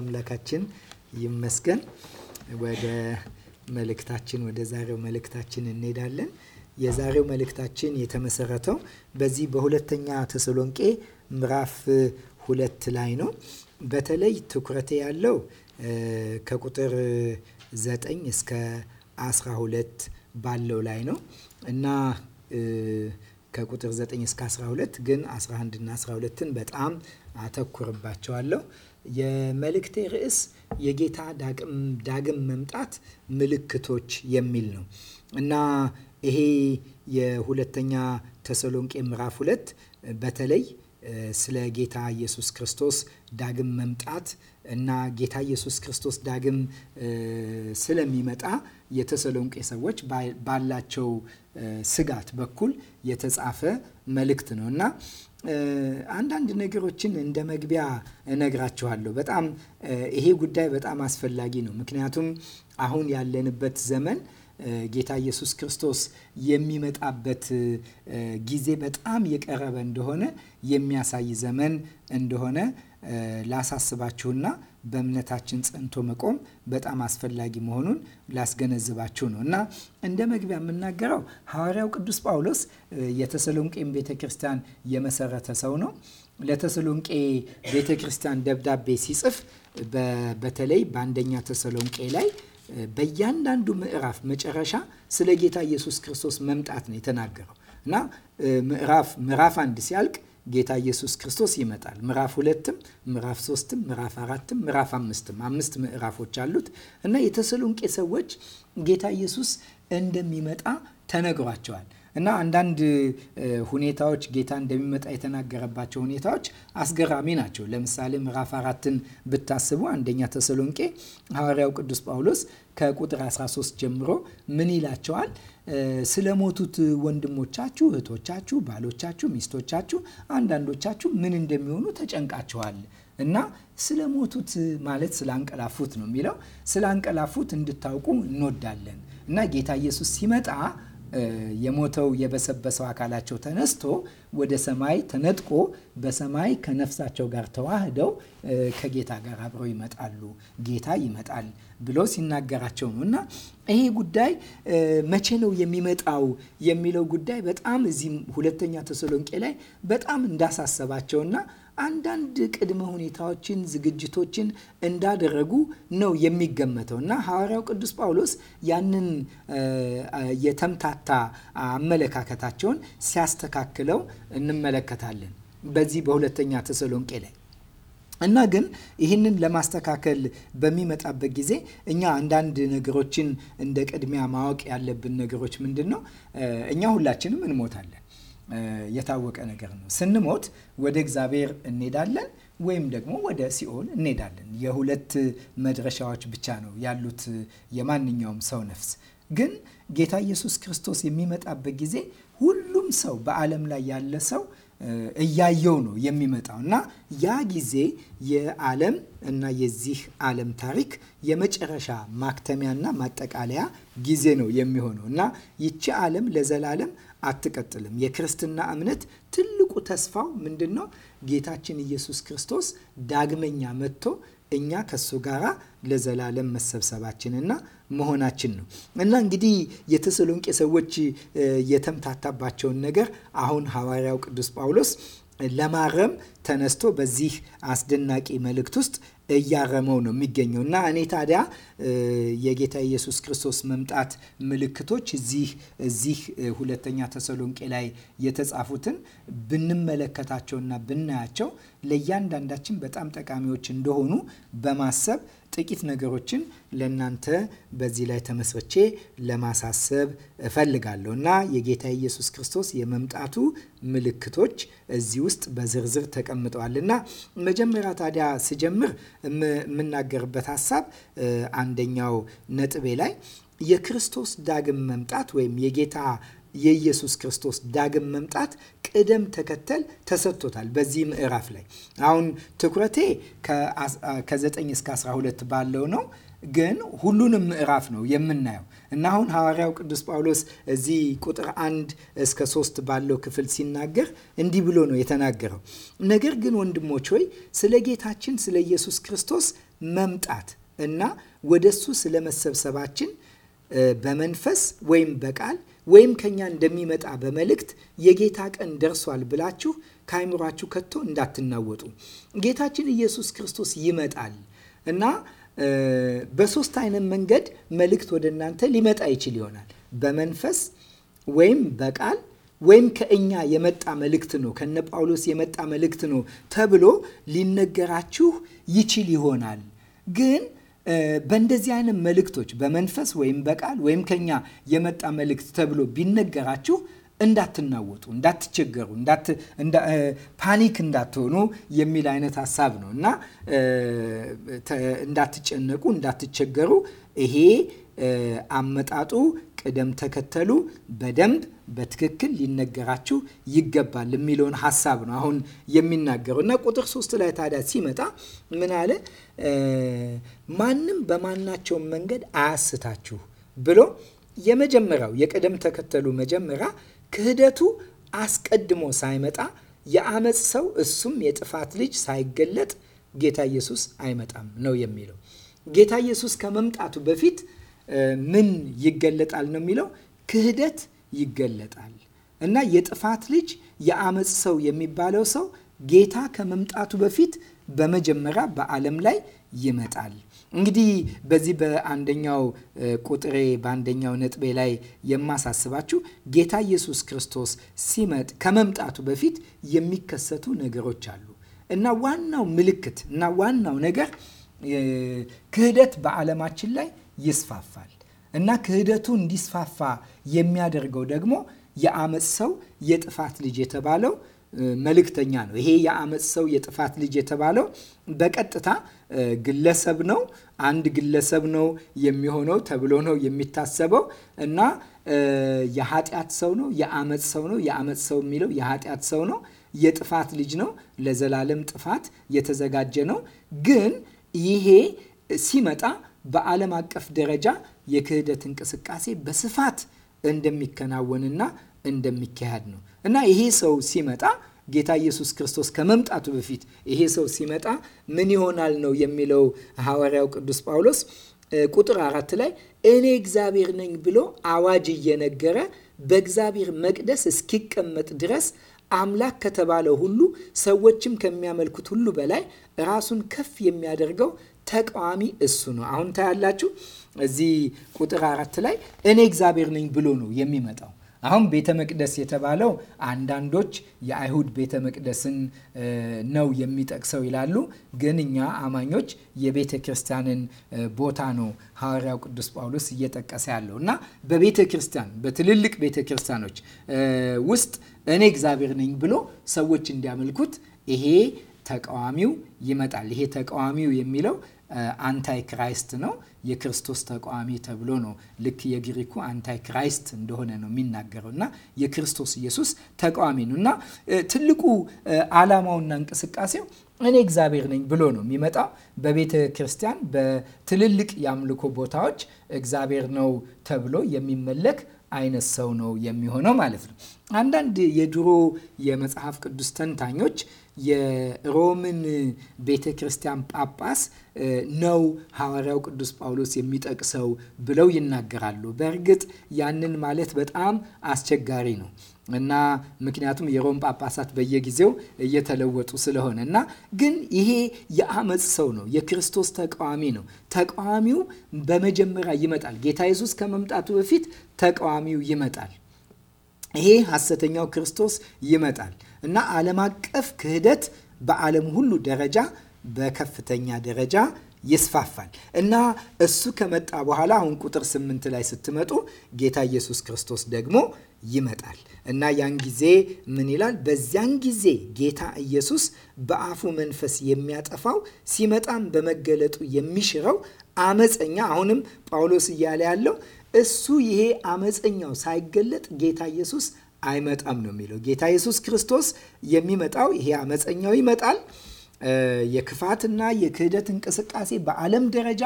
አምላካችን ይመስገን። ወደ መልእክታችን ወደ ዛሬው መልእክታችን እንሄዳለን። የዛሬው መልእክታችን የተመሰረተው በዚህ በሁለተኛ ተሰሎንቄ ምዕራፍ ሁለት ላይ ነው። በተለይ ትኩረቴ ያለው ከቁጥር ዘጠኝ እስከ አስራ ሁለት ባለው ላይ ነው እና ከቁጥር 9 እስከ 12 ግን 11 እና 12ን በጣም አተኩርባቸዋለሁ። የመልእክቴ ርዕስ የጌታ ዳግም መምጣት ምልክቶች የሚል ነው እና ይሄ የሁለተኛ ተሰሎንቄ ምዕራፍ ሁለት በተለይ ስለ ጌታ ኢየሱስ ክርስቶስ ዳግም መምጣት እና ጌታ ኢየሱስ ክርስቶስ ዳግም ስለሚመጣ የተሰሎንቄ ሰዎች ባላቸው ስጋት በኩል የተጻፈ መልእክት ነው እና አንዳንድ ነገሮችን እንደ መግቢያ እነግራችኋለሁ። በጣም ይሄ ጉዳይ በጣም አስፈላጊ ነው። ምክንያቱም አሁን ያለንበት ዘመን ጌታ ኢየሱስ ክርስቶስ የሚመጣበት ጊዜ በጣም የቀረበ እንደሆነ የሚያሳይ ዘመን እንደሆነ ላሳስባችሁና በእምነታችን ጸንቶ መቆም በጣም አስፈላጊ መሆኑን ላስገነዝባችሁ ነው እና እንደ መግቢያ የምናገረው ሐዋርያው ቅዱስ ጳውሎስ የተሰሎንቄን ቤተ ክርስቲያን የመሰረተ ሰው ነው። ለተሰሎንቄ ቤተ ክርስቲያን ደብዳቤ ሲጽፍ በተለይ በአንደኛ ተሰሎንቄ ላይ በእያንዳንዱ ምዕራፍ መጨረሻ ስለ ጌታ ኢየሱስ ክርስቶስ መምጣት ነው የተናገረው እና ምዕራፍ አንድ ሲያልቅ ጌታ ኢየሱስ ክርስቶስ ይመጣል። ምዕራፍ ሁለትም ምዕራፍ ሶስትም ምዕራፍ አራትም ምዕራፍ አምስትም አምስት ምዕራፎች አሉት እና የተሰሎንቄ ሰዎች ጌታ ኢየሱስ እንደሚመጣ ተነግሯቸዋል። እና አንዳንድ ሁኔታዎች ጌታ እንደሚመጣ የተናገረባቸው ሁኔታዎች አስገራሚ ናቸው። ለምሳሌ ምዕራፍ አራትን ብታስቡ አንደኛ ተሰሎንቄ ሐዋርያው ቅዱስ ጳውሎስ ከቁጥር 13 ጀምሮ ምን ይላቸዋል? ስለሞቱት ወንድሞቻችሁ፣ እህቶቻችሁ፣ ባሎቻችሁ፣ ሚስቶቻችሁ አንዳንዶቻችሁ ምን እንደሚሆኑ ተጨንቃችኋል እና ስለሞቱት ማለት ስላንቀላፉት ነው የሚለው ስላንቀላፉት እንድታውቁ እንወዳለን እና ጌታ ኢየሱስ ሲመጣ የሞተው የበሰበሰው አካላቸው ተነስቶ ወደ ሰማይ ተነጥቆ በሰማይ ከነፍሳቸው ጋር ተዋህደው ከጌታ ጋር አብረው ይመጣሉ፣ ጌታ ይመጣል ብሎ ሲናገራቸው ነው። እና ይሄ ጉዳይ መቼ ነው የሚመጣው የሚለው ጉዳይ በጣም እዚህም ሁለተኛ ተሰሎንቄ ላይ በጣም እንዳሳሰባቸውና አንዳንድ ቅድመ ሁኔታዎችን፣ ዝግጅቶችን እንዳደረጉ ነው የሚገመተው እና ሐዋርያው ቅዱስ ጳውሎስ ያንን የተምታታ አመለካከታቸውን ሲያስተካክለው እንመለከታለን በዚህ በሁለተኛ ተሰሎንቄ ላይ እና ግን ይህንን ለማስተካከል በሚመጣበት ጊዜ እኛ አንዳንድ ነገሮችን እንደ ቅድሚያ ማወቅ ያለብን ነገሮች ምንድን ነው? እኛ ሁላችንም እንሞታለን። የታወቀ ነገር ነው። ስንሞት ወደ እግዚአብሔር እንሄዳለን ወይም ደግሞ ወደ ሲኦል እንሄዳለን። የሁለት መድረሻዎች ብቻ ነው ያሉት የማንኛውም ሰው ነፍስ። ግን ጌታ ኢየሱስ ክርስቶስ የሚመጣበት ጊዜ ሁሉም ሰው በዓለም ላይ ያለ ሰው እያየው ነው የሚመጣው እና ያ ጊዜ የዓለም እና የዚህ ዓለም ታሪክ የመጨረሻ ማክተሚያና ማጠቃለያ ጊዜ ነው የሚሆነው እና ይቺ ዓለም ለዘላለም አትቀጥልም። የክርስትና እምነት ትልቁ ተስፋው ምንድን ነው? ጌታችን ኢየሱስ ክርስቶስ ዳግመኛ መጥቶ እኛ ከሱ ጋር ለዘላለም መሰብሰባችንና መሆናችን ነው እና እንግዲህ የተሰሎንቄ ሰዎች የተምታታባቸውን ነገር አሁን ሐዋርያው ቅዱስ ጳውሎስ ለማረም ተነስቶ በዚህ አስደናቂ መልእክት ውስጥ እያረመው ነው የሚገኘው እና እኔ ታዲያ የጌታ ኢየሱስ ክርስቶስ መምጣት ምልክቶች እዚህ እዚህ ሁለተኛ ተሰሎንቄ ላይ የተጻፉትን ብንመለከታቸውና ብናያቸው ለእያንዳንዳችን በጣም ጠቃሚዎች እንደሆኑ በማሰብ ጥቂት ነገሮችን ለእናንተ በዚህ ላይ ተመስርቼ ለማሳሰብ እፈልጋለሁ እና የጌታ ኢየሱስ ክርስቶስ የመምጣቱ ምልክቶች እዚህ ውስጥ በዝርዝር ተቀምጠዋል እና መጀመሪያ ታዲያ ስጀምር የምናገርበት ሀሳብ አንደኛው ነጥቤ ላይ የክርስቶስ ዳግም መምጣት ወይም የጌታ የኢየሱስ ክርስቶስ ዳግም መምጣት ቅደም ተከተል ተሰጥቶታል። በዚህ ምዕራፍ ላይ አሁን ትኩረቴ ከ9 እስከ 12 ባለው ነው ግን ሁሉንም ምዕራፍ ነው የምናየው እና አሁን ሐዋርያው ቅዱስ ጳውሎስ እዚህ ቁጥር አንድ እስከ ሶስት ባለው ክፍል ሲናገር እንዲህ ብሎ ነው የተናገረው። ነገር ግን ወንድሞች ሆይ ስለ ጌታችን ስለ ኢየሱስ ክርስቶስ መምጣት እና ወደሱ ስለ መሰብሰባችን በመንፈስ ወይም በቃል ወይም ከኛ እንደሚመጣ በመልእክት የጌታ ቀን ደርሷል ብላችሁ ከአይምሯችሁ ከቶ እንዳትናወጡ። ጌታችን ኢየሱስ ክርስቶስ ይመጣል እና በሶስት አይነት መንገድ መልእክት ወደ እናንተ ሊመጣ ይችል ይሆናል። በመንፈስ ወይም በቃል ወይም ከእኛ የመጣ መልእክት ነው ከነ ጳውሎስ የመጣ መልእክት ነው ተብሎ ሊነገራችሁ ይችል ይሆናል ግን በእንደዚህ አይነት መልእክቶች በመንፈስ ወይም በቃል ወይም ከኛ የመጣ መልእክት ተብሎ ቢነገራችሁ እንዳትናወጡ፣ እንዳትቸገሩ፣ ፓኒክ እንዳትሆኑ የሚል አይነት ሀሳብ ነው እና እንዳትጨነቁ፣ እንዳትቸገሩ ይሄ አመጣጡ፣ ቅደም ተከተሉ በደንብ በትክክል ሊነገራችሁ ይገባል የሚለውን ሀሳብ ነው አሁን የሚናገረው እና ቁጥር ሶስት ላይ ታዲያ ሲመጣ ምን አለ? ማንም በማናቸውም መንገድ አያስታችሁ ብሎ የመጀመሪያው የቅደም ተከተሉ መጀመሪያ ክህደቱ አስቀድሞ ሳይመጣ የአመፅ ሰው እሱም የጥፋት ልጅ ሳይገለጥ ጌታ ኢየሱስ አይመጣም ነው የሚለው። ጌታ ኢየሱስ ከመምጣቱ በፊት ምን ይገለጣል ነው የሚለው ክህደት ይገለጣል እና የጥፋት ልጅ የአመፅ ሰው የሚባለው ሰው ጌታ ከመምጣቱ በፊት በመጀመሪያ በዓለም ላይ ይመጣል። እንግዲህ በዚህ በአንደኛው ቁጥሬ በአንደኛው ነጥቤ ላይ የማሳስባችሁ ጌታ ኢየሱስ ክርስቶስ ሲመጥ ከመምጣቱ በፊት የሚከሰቱ ነገሮች አሉ እና ዋናው ምልክት እና ዋናው ነገር ክህደት በዓለማችን ላይ ይስፋፋል እና ክህደቱ እንዲስፋፋ የሚያደርገው ደግሞ የአመፅ ሰው የጥፋት ልጅ የተባለው መልእክተኛ ነው። ይሄ የአመፅ ሰው የጥፋት ልጅ የተባለው በቀጥታ ግለሰብ ነው። አንድ ግለሰብ ነው የሚሆነው ተብሎ ነው የሚታሰበው እና የኃጢአት ሰው ነው፣ የአመፅ ሰው ነው። የአመፅ ሰው የሚለው የኃጢአት ሰው ነው፣ የጥፋት ልጅ ነው። ለዘላለም ጥፋት የተዘጋጀ ነው። ግን ይሄ ሲመጣ በዓለም አቀፍ ደረጃ የክህደት እንቅስቃሴ በስፋት እንደሚከናወንና እንደሚካሄድ ነው እና ይሄ ሰው ሲመጣ ጌታ ኢየሱስ ክርስቶስ ከመምጣቱ በፊት ይሄ ሰው ሲመጣ ምን ይሆናል ነው የሚለው ሐዋርያው ቅዱስ ጳውሎስ ቁጥር አራት ላይ እኔ እግዚአብሔር ነኝ ብሎ አዋጅ እየነገረ በእግዚአብሔር መቅደስ እስኪቀመጥ ድረስ አምላክ ከተባለው ሁሉ ሰዎችም ከሚያመልኩት ሁሉ በላይ ራሱን ከፍ የሚያደርገው ተቃዋሚ እሱ ነው። አሁን ታያላችሁ እዚህ ቁጥር አራት ላይ እኔ እግዚአብሔር ነኝ ብሎ ነው የሚመጣው። አሁን ቤተ መቅደስ የተባለው አንዳንዶች የአይሁድ ቤተ መቅደስን ነው የሚጠቅሰው ይላሉ። ግን እኛ አማኞች የቤተ ክርስቲያንን ቦታ ነው ሐዋርያው ቅዱስ ጳውሎስ እየጠቀሰ ያለው እና በቤተ ክርስቲያን በትልልቅ ቤተ ክርስቲያኖች ውስጥ እኔ እግዚአብሔር ነኝ ብሎ ሰዎች እንዲያመልኩት ይሄ ተቃዋሚው ይመጣል። ይሄ ተቃዋሚው የሚለው አንታይ ክራይስት ነው፣ የክርስቶስ ተቃዋሚ ተብሎ ነው። ልክ የግሪኩ አንታይ ክራይስት እንደሆነ ነው የሚናገረው እና የክርስቶስ ኢየሱስ ተቃዋሚ ነው እና ትልቁ ዓላማውና እንቅስቃሴው እኔ እግዚአብሔር ነኝ ብሎ ነው የሚመጣው። በቤተ ክርስቲያን በትልልቅ የአምልኮ ቦታዎች እግዚአብሔር ነው ተብሎ የሚመለክ አይነት ሰው ነው የሚሆነው ማለት ነው። አንዳንድ የድሮ የመጽሐፍ ቅዱስ ተንታኞች የሮምን ቤተ ክርስቲያን ጳጳስ ነው ሐዋርያው ቅዱስ ጳውሎስ የሚጠቅሰው ብለው ይናገራሉ። በእርግጥ ያንን ማለት በጣም አስቸጋሪ ነው እና ምክንያቱም የሮም ጳጳሳት በየጊዜው እየተለወጡ ስለሆነ እና ግን ይሄ የአመፅ ሰው ነው፣ የክርስቶስ ተቃዋሚ ነው። ተቃዋሚው በመጀመሪያ ይመጣል። ጌታ ኢየሱስ ከመምጣቱ በፊት ተቃዋሚው ይመጣል። ይሄ ሐሰተኛው ክርስቶስ ይመጣል። እና ዓለም አቀፍ ክህደት በዓለም ሁሉ ደረጃ በከፍተኛ ደረጃ ይስፋፋል እና እሱ ከመጣ በኋላ አሁን ቁጥር ስምንት ላይ ስትመጡ ጌታ ኢየሱስ ክርስቶስ ደግሞ ይመጣል እና ያን ጊዜ ምን ይላል? በዚያን ጊዜ ጌታ ኢየሱስ በአፉ መንፈስ የሚያጠፋው ሲመጣም በመገለጡ የሚሽረው አመፀኛ፣ አሁንም ጳውሎስ እያለ ያለው እሱ ይሄ አመፀኛው ሳይገለጥ ጌታ ኢየሱስ አይመጣም ነው የሚለው። ጌታ ኢየሱስ ክርስቶስ የሚመጣው ይሄ አመፀኛው ይመጣል። የክፋትና የክህደት እንቅስቃሴ በዓለም ደረጃ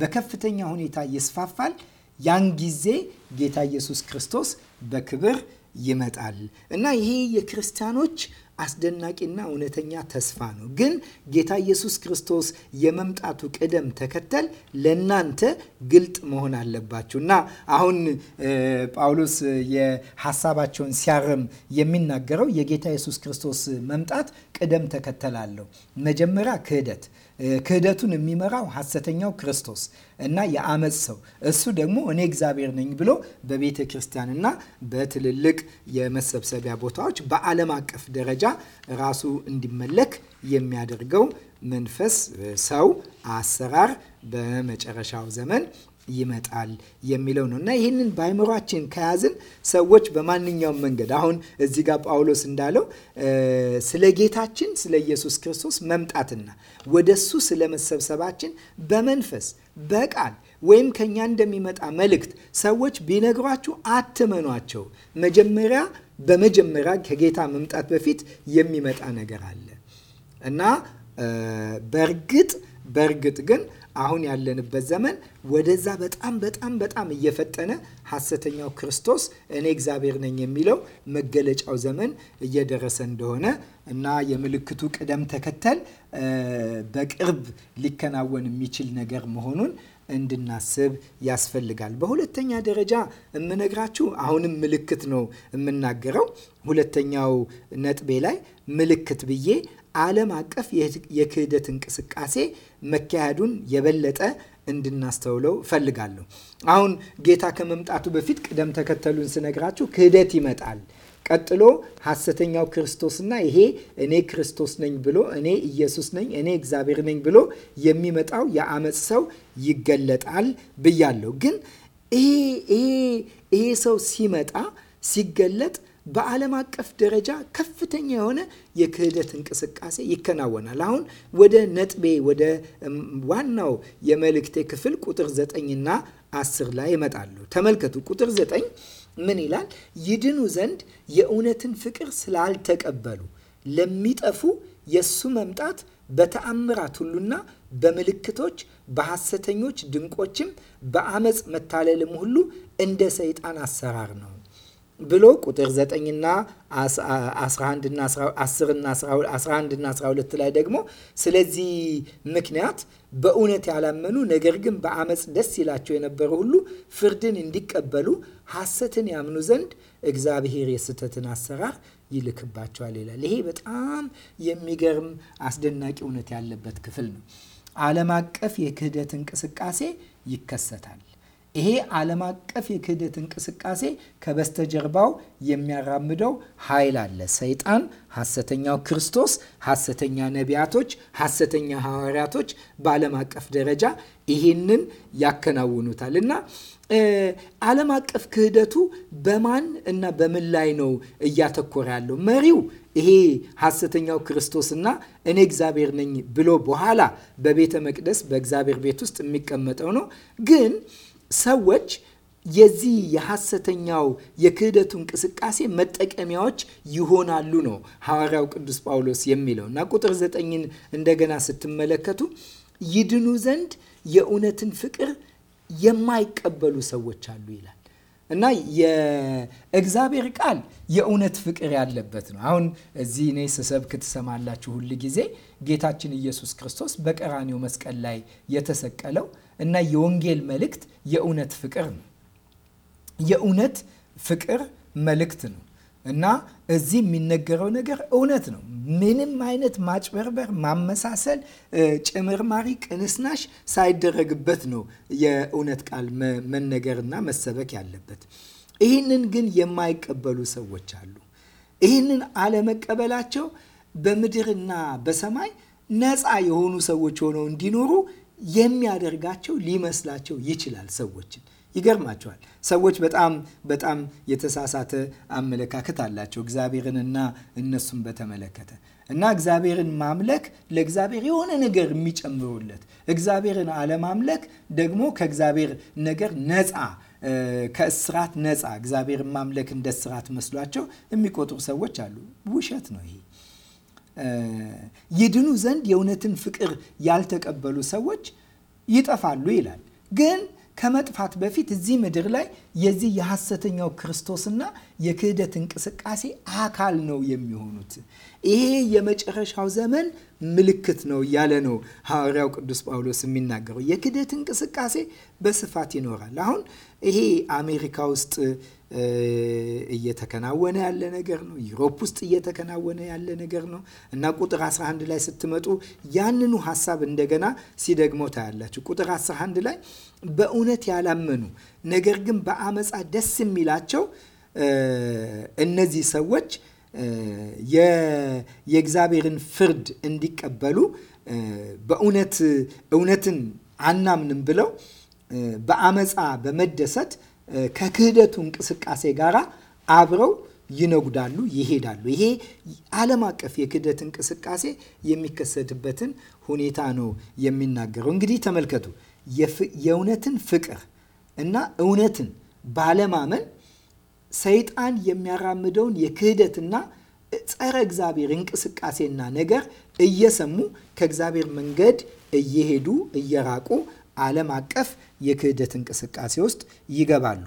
በከፍተኛ ሁኔታ ይስፋፋል። ያን ጊዜ ጌታ ኢየሱስ ክርስቶስ በክብር ይመጣል እና ይሄ የክርስቲያኖች አስደናቂና እውነተኛ ተስፋ ነው። ግን ጌታ ኢየሱስ ክርስቶስ የመምጣቱ ቅደም ተከተል ለእናንተ ግልጥ መሆን አለባችሁ እና አሁን ጳውሎስ የሀሳባቸውን ሲያርም የሚናገረው የጌታ ኢየሱስ ክርስቶስ መምጣት ቅደም ተከተል አለው። መጀመሪያ ክህደት ክህደቱን የሚመራው ሐሰተኛው ክርስቶስ እና የአመፅ ሰው እሱ ደግሞ እኔ እግዚአብሔር ነኝ ብሎ በቤተ ክርስቲያንና በትልልቅ የመሰብሰቢያ ቦታዎች በዓለም አቀፍ ደረጃ ራሱ እንዲመለክ የሚያደርገው መንፈስ፣ ሰው፣ አሰራር በመጨረሻው ዘመን ይመጣል የሚለው ነው እና ይህንን በአይምሯችን ከያዝን ሰዎች በማንኛውም መንገድ አሁን እዚህ ጋር ጳውሎስ እንዳለው ስለ ጌታችን ስለ ኢየሱስ ክርስቶስ መምጣትና ወደ እሱ ስለ መሰብሰባችን በመንፈስ በቃል ወይም ከእኛ እንደሚመጣ መልእክት ሰዎች ቢነግሯችሁ አትመኗቸው። መጀመሪያ በመጀመሪያ ከጌታ መምጣት በፊት የሚመጣ ነገር አለ እና በእርግጥ በእርግጥ ግን አሁን ያለንበት ዘመን ወደዛ በጣም በጣም በጣም እየፈጠነ ሐሰተኛው ክርስቶስ እኔ እግዚአብሔር ነኝ የሚለው መገለጫው ዘመን እየደረሰ እንደሆነ እና የምልክቱ ቅደም ተከተል በቅርብ ሊከናወን የሚችል ነገር መሆኑን እንድናስብ ያስፈልጋል። በሁለተኛ ደረጃ የምነግራችሁ አሁንም ምልክት ነው የምናገረው። ሁለተኛው ነጥቤ ላይ ምልክት ብዬ ዓለም አቀፍ የክህደት እንቅስቃሴ መካሄዱን የበለጠ እንድናስተውለው ፈልጋለሁ። አሁን ጌታ ከመምጣቱ በፊት ቅደም ተከተሉን ስነግራችሁ ክህደት ይመጣል። ቀጥሎ ሐሰተኛው ክርስቶስና ይሄ እኔ ክርስቶስ ነኝ ብሎ እኔ ኢየሱስ ነኝ እኔ እግዚአብሔር ነኝ ብሎ የሚመጣው የአመፅ ሰው ይገለጣል ብያለሁ። ግን ይሄ ሰው ሲመጣ ሲገለጥ በዓለም አቀፍ ደረጃ ከፍተኛ የሆነ የክህደት እንቅስቃሴ ይከናወናል። አሁን ወደ ነጥቤ ወደ ዋናው የመልእክቴ ክፍል ቁጥር ዘጠኝና አስር ላይ ይመጣሉ። ተመልከቱ። ቁጥር ዘጠኝ ምን ይላል? ይድኑ ዘንድ የእውነትን ፍቅር ስላልተቀበሉ ለሚጠፉ የእሱ መምጣት በተአምራት ሁሉና በምልክቶች በሐሰተኞች ድንቆችም በአመፅ መታለልም ሁሉ እንደ ሰይጣን አሰራር ነው ብሎ ቁጥር 9ና 11ና 12 ላይ ደግሞ ስለዚህ ምክንያት በእውነት ያላመኑ ነገር ግን በአመፅ ደስ ይላቸው የነበረ ሁሉ ፍርድን እንዲቀበሉ ሐሰትን ያምኑ ዘንድ እግዚአብሔር የስህተትን አሰራር ይልክባቸዋል ይላል። ይሄ በጣም የሚገርም አስደናቂ እውነት ያለበት ክፍል ነው። ዓለም አቀፍ የክህደት እንቅስቃሴ ይከሰታል። ይሄ ዓለም አቀፍ የክህደት እንቅስቃሴ ከበስተጀርባው የሚያራምደው ኃይል አለ። ሰይጣን፣ ሐሰተኛው ክርስቶስ፣ ሐሰተኛ ነቢያቶች፣ ሐሰተኛ ሐዋርያቶች በዓለም አቀፍ ደረጃ ይሄንን ያከናውኑታል እና ዓለም አቀፍ ክህደቱ በማን እና በምን ላይ ነው እያተኮረ ያለው? መሪው ይሄ ሐሰተኛው ክርስቶስና እኔ እግዚአብሔር ነኝ ብሎ በኋላ በቤተ መቅደስ በእግዚአብሔር ቤት ውስጥ የሚቀመጠው ነው ግን ሰዎች የዚህ የሐሰተኛው የክህደቱ እንቅስቃሴ መጠቀሚያዎች ይሆናሉ ነው ሐዋርያው ቅዱስ ጳውሎስ የሚለው እና ቁጥር ዘጠኝን እንደገና ስትመለከቱ ይድኑ ዘንድ የእውነትን ፍቅር የማይቀበሉ ሰዎች አሉ ይላል እና የእግዚአብሔር ቃል የእውነት ፍቅር ያለበት ነው። አሁን እዚህ እኔ ስሰብክ ትሰማላችሁ ሁል ጊዜ ጌታችን ኢየሱስ ክርስቶስ በቀራኒው መስቀል ላይ የተሰቀለው እና የወንጌል መልእክት የእውነት ፍቅር ነው። የእውነት ፍቅር መልእክት ነው እና እዚህ የሚነገረው ነገር እውነት ነው። ምንም አይነት ማጭበርበር፣ ማመሳሰል፣ ጭምርማሪ፣ ቅንስናሽ ሳይደረግበት ነው የእውነት ቃል መነገርና መሰበክ ያለበት። ይህንን ግን የማይቀበሉ ሰዎች አሉ። ይህንን አለመቀበላቸው በምድርና በሰማይ ነፃ የሆኑ ሰዎች ሆነው እንዲኖሩ የሚያደርጋቸው ሊመስላቸው ይችላል ሰዎችን። ይገርማቸዋል። ሰዎች በጣም በጣም የተሳሳተ አመለካከት አላቸው እግዚአብሔርንና እነሱን በተመለከተ እና እግዚአብሔርን ማምለክ ለእግዚአብሔር የሆነ ነገር የሚጨምሩለት፣ እግዚአብሔርን አለማምለክ ደግሞ ከእግዚአብሔር ነገር ነፃ ከእስራት ነፃ እግዚአብሔርን ማምለክ እንደ እስራት መስሏቸው የሚቆጥሩ ሰዎች አሉ። ውሸት ነው ይሄ። ይድኑ ዘንድ የእውነትን ፍቅር ያልተቀበሉ ሰዎች ይጠፋሉ ይላል። ግን ከመጥፋት በፊት እዚህ ምድር ላይ የዚህ የሐሰተኛው ክርስቶስና የክህደት እንቅስቃሴ አካል ነው የሚሆኑት። ይሄ የመጨረሻው ዘመን ምልክት ነው እያለ ነው ሐዋርያው ቅዱስ ጳውሎስ የሚናገረው። የክህደት እንቅስቃሴ በስፋት ይኖራል። አሁን ይሄ አሜሪካ ውስጥ እየተከናወነ ያለ ነገር ነው። ዩሮፕ ውስጥ እየተከናወነ ያለ ነገር ነው እና ቁጥር 11 ላይ ስትመጡ ያንኑ ሀሳብ እንደገና ሲደግሞ ታያላችሁ። ቁጥር 11 ላይ በእውነት ያላመኑ ነገር ግን በአመፃ ደስ የሚላቸው እነዚህ ሰዎች የእግዚአብሔርን ፍርድ እንዲቀበሉ በእውነት እውነትን አናምንም ብለው በአመፃ በመደሰት ከክህደቱ እንቅስቃሴ ጋር አብረው ይነጉዳሉ፣ ይሄዳሉ። ይሄ ዓለም አቀፍ የክህደት እንቅስቃሴ የሚከሰትበትን ሁኔታ ነው የሚናገረው። እንግዲህ ተመልከቱ የእውነትን ፍቅር እና እውነትን ባለማመን ሰይጣን የሚያራምደውን የክህደትና ጸረ እግዚአብሔር እንቅስቃሴና ነገር እየሰሙ ከእግዚአብሔር መንገድ እየሄዱ እየራቁ ዓለም አቀፍ የክህደት እንቅስቃሴ ውስጥ ይገባሉ።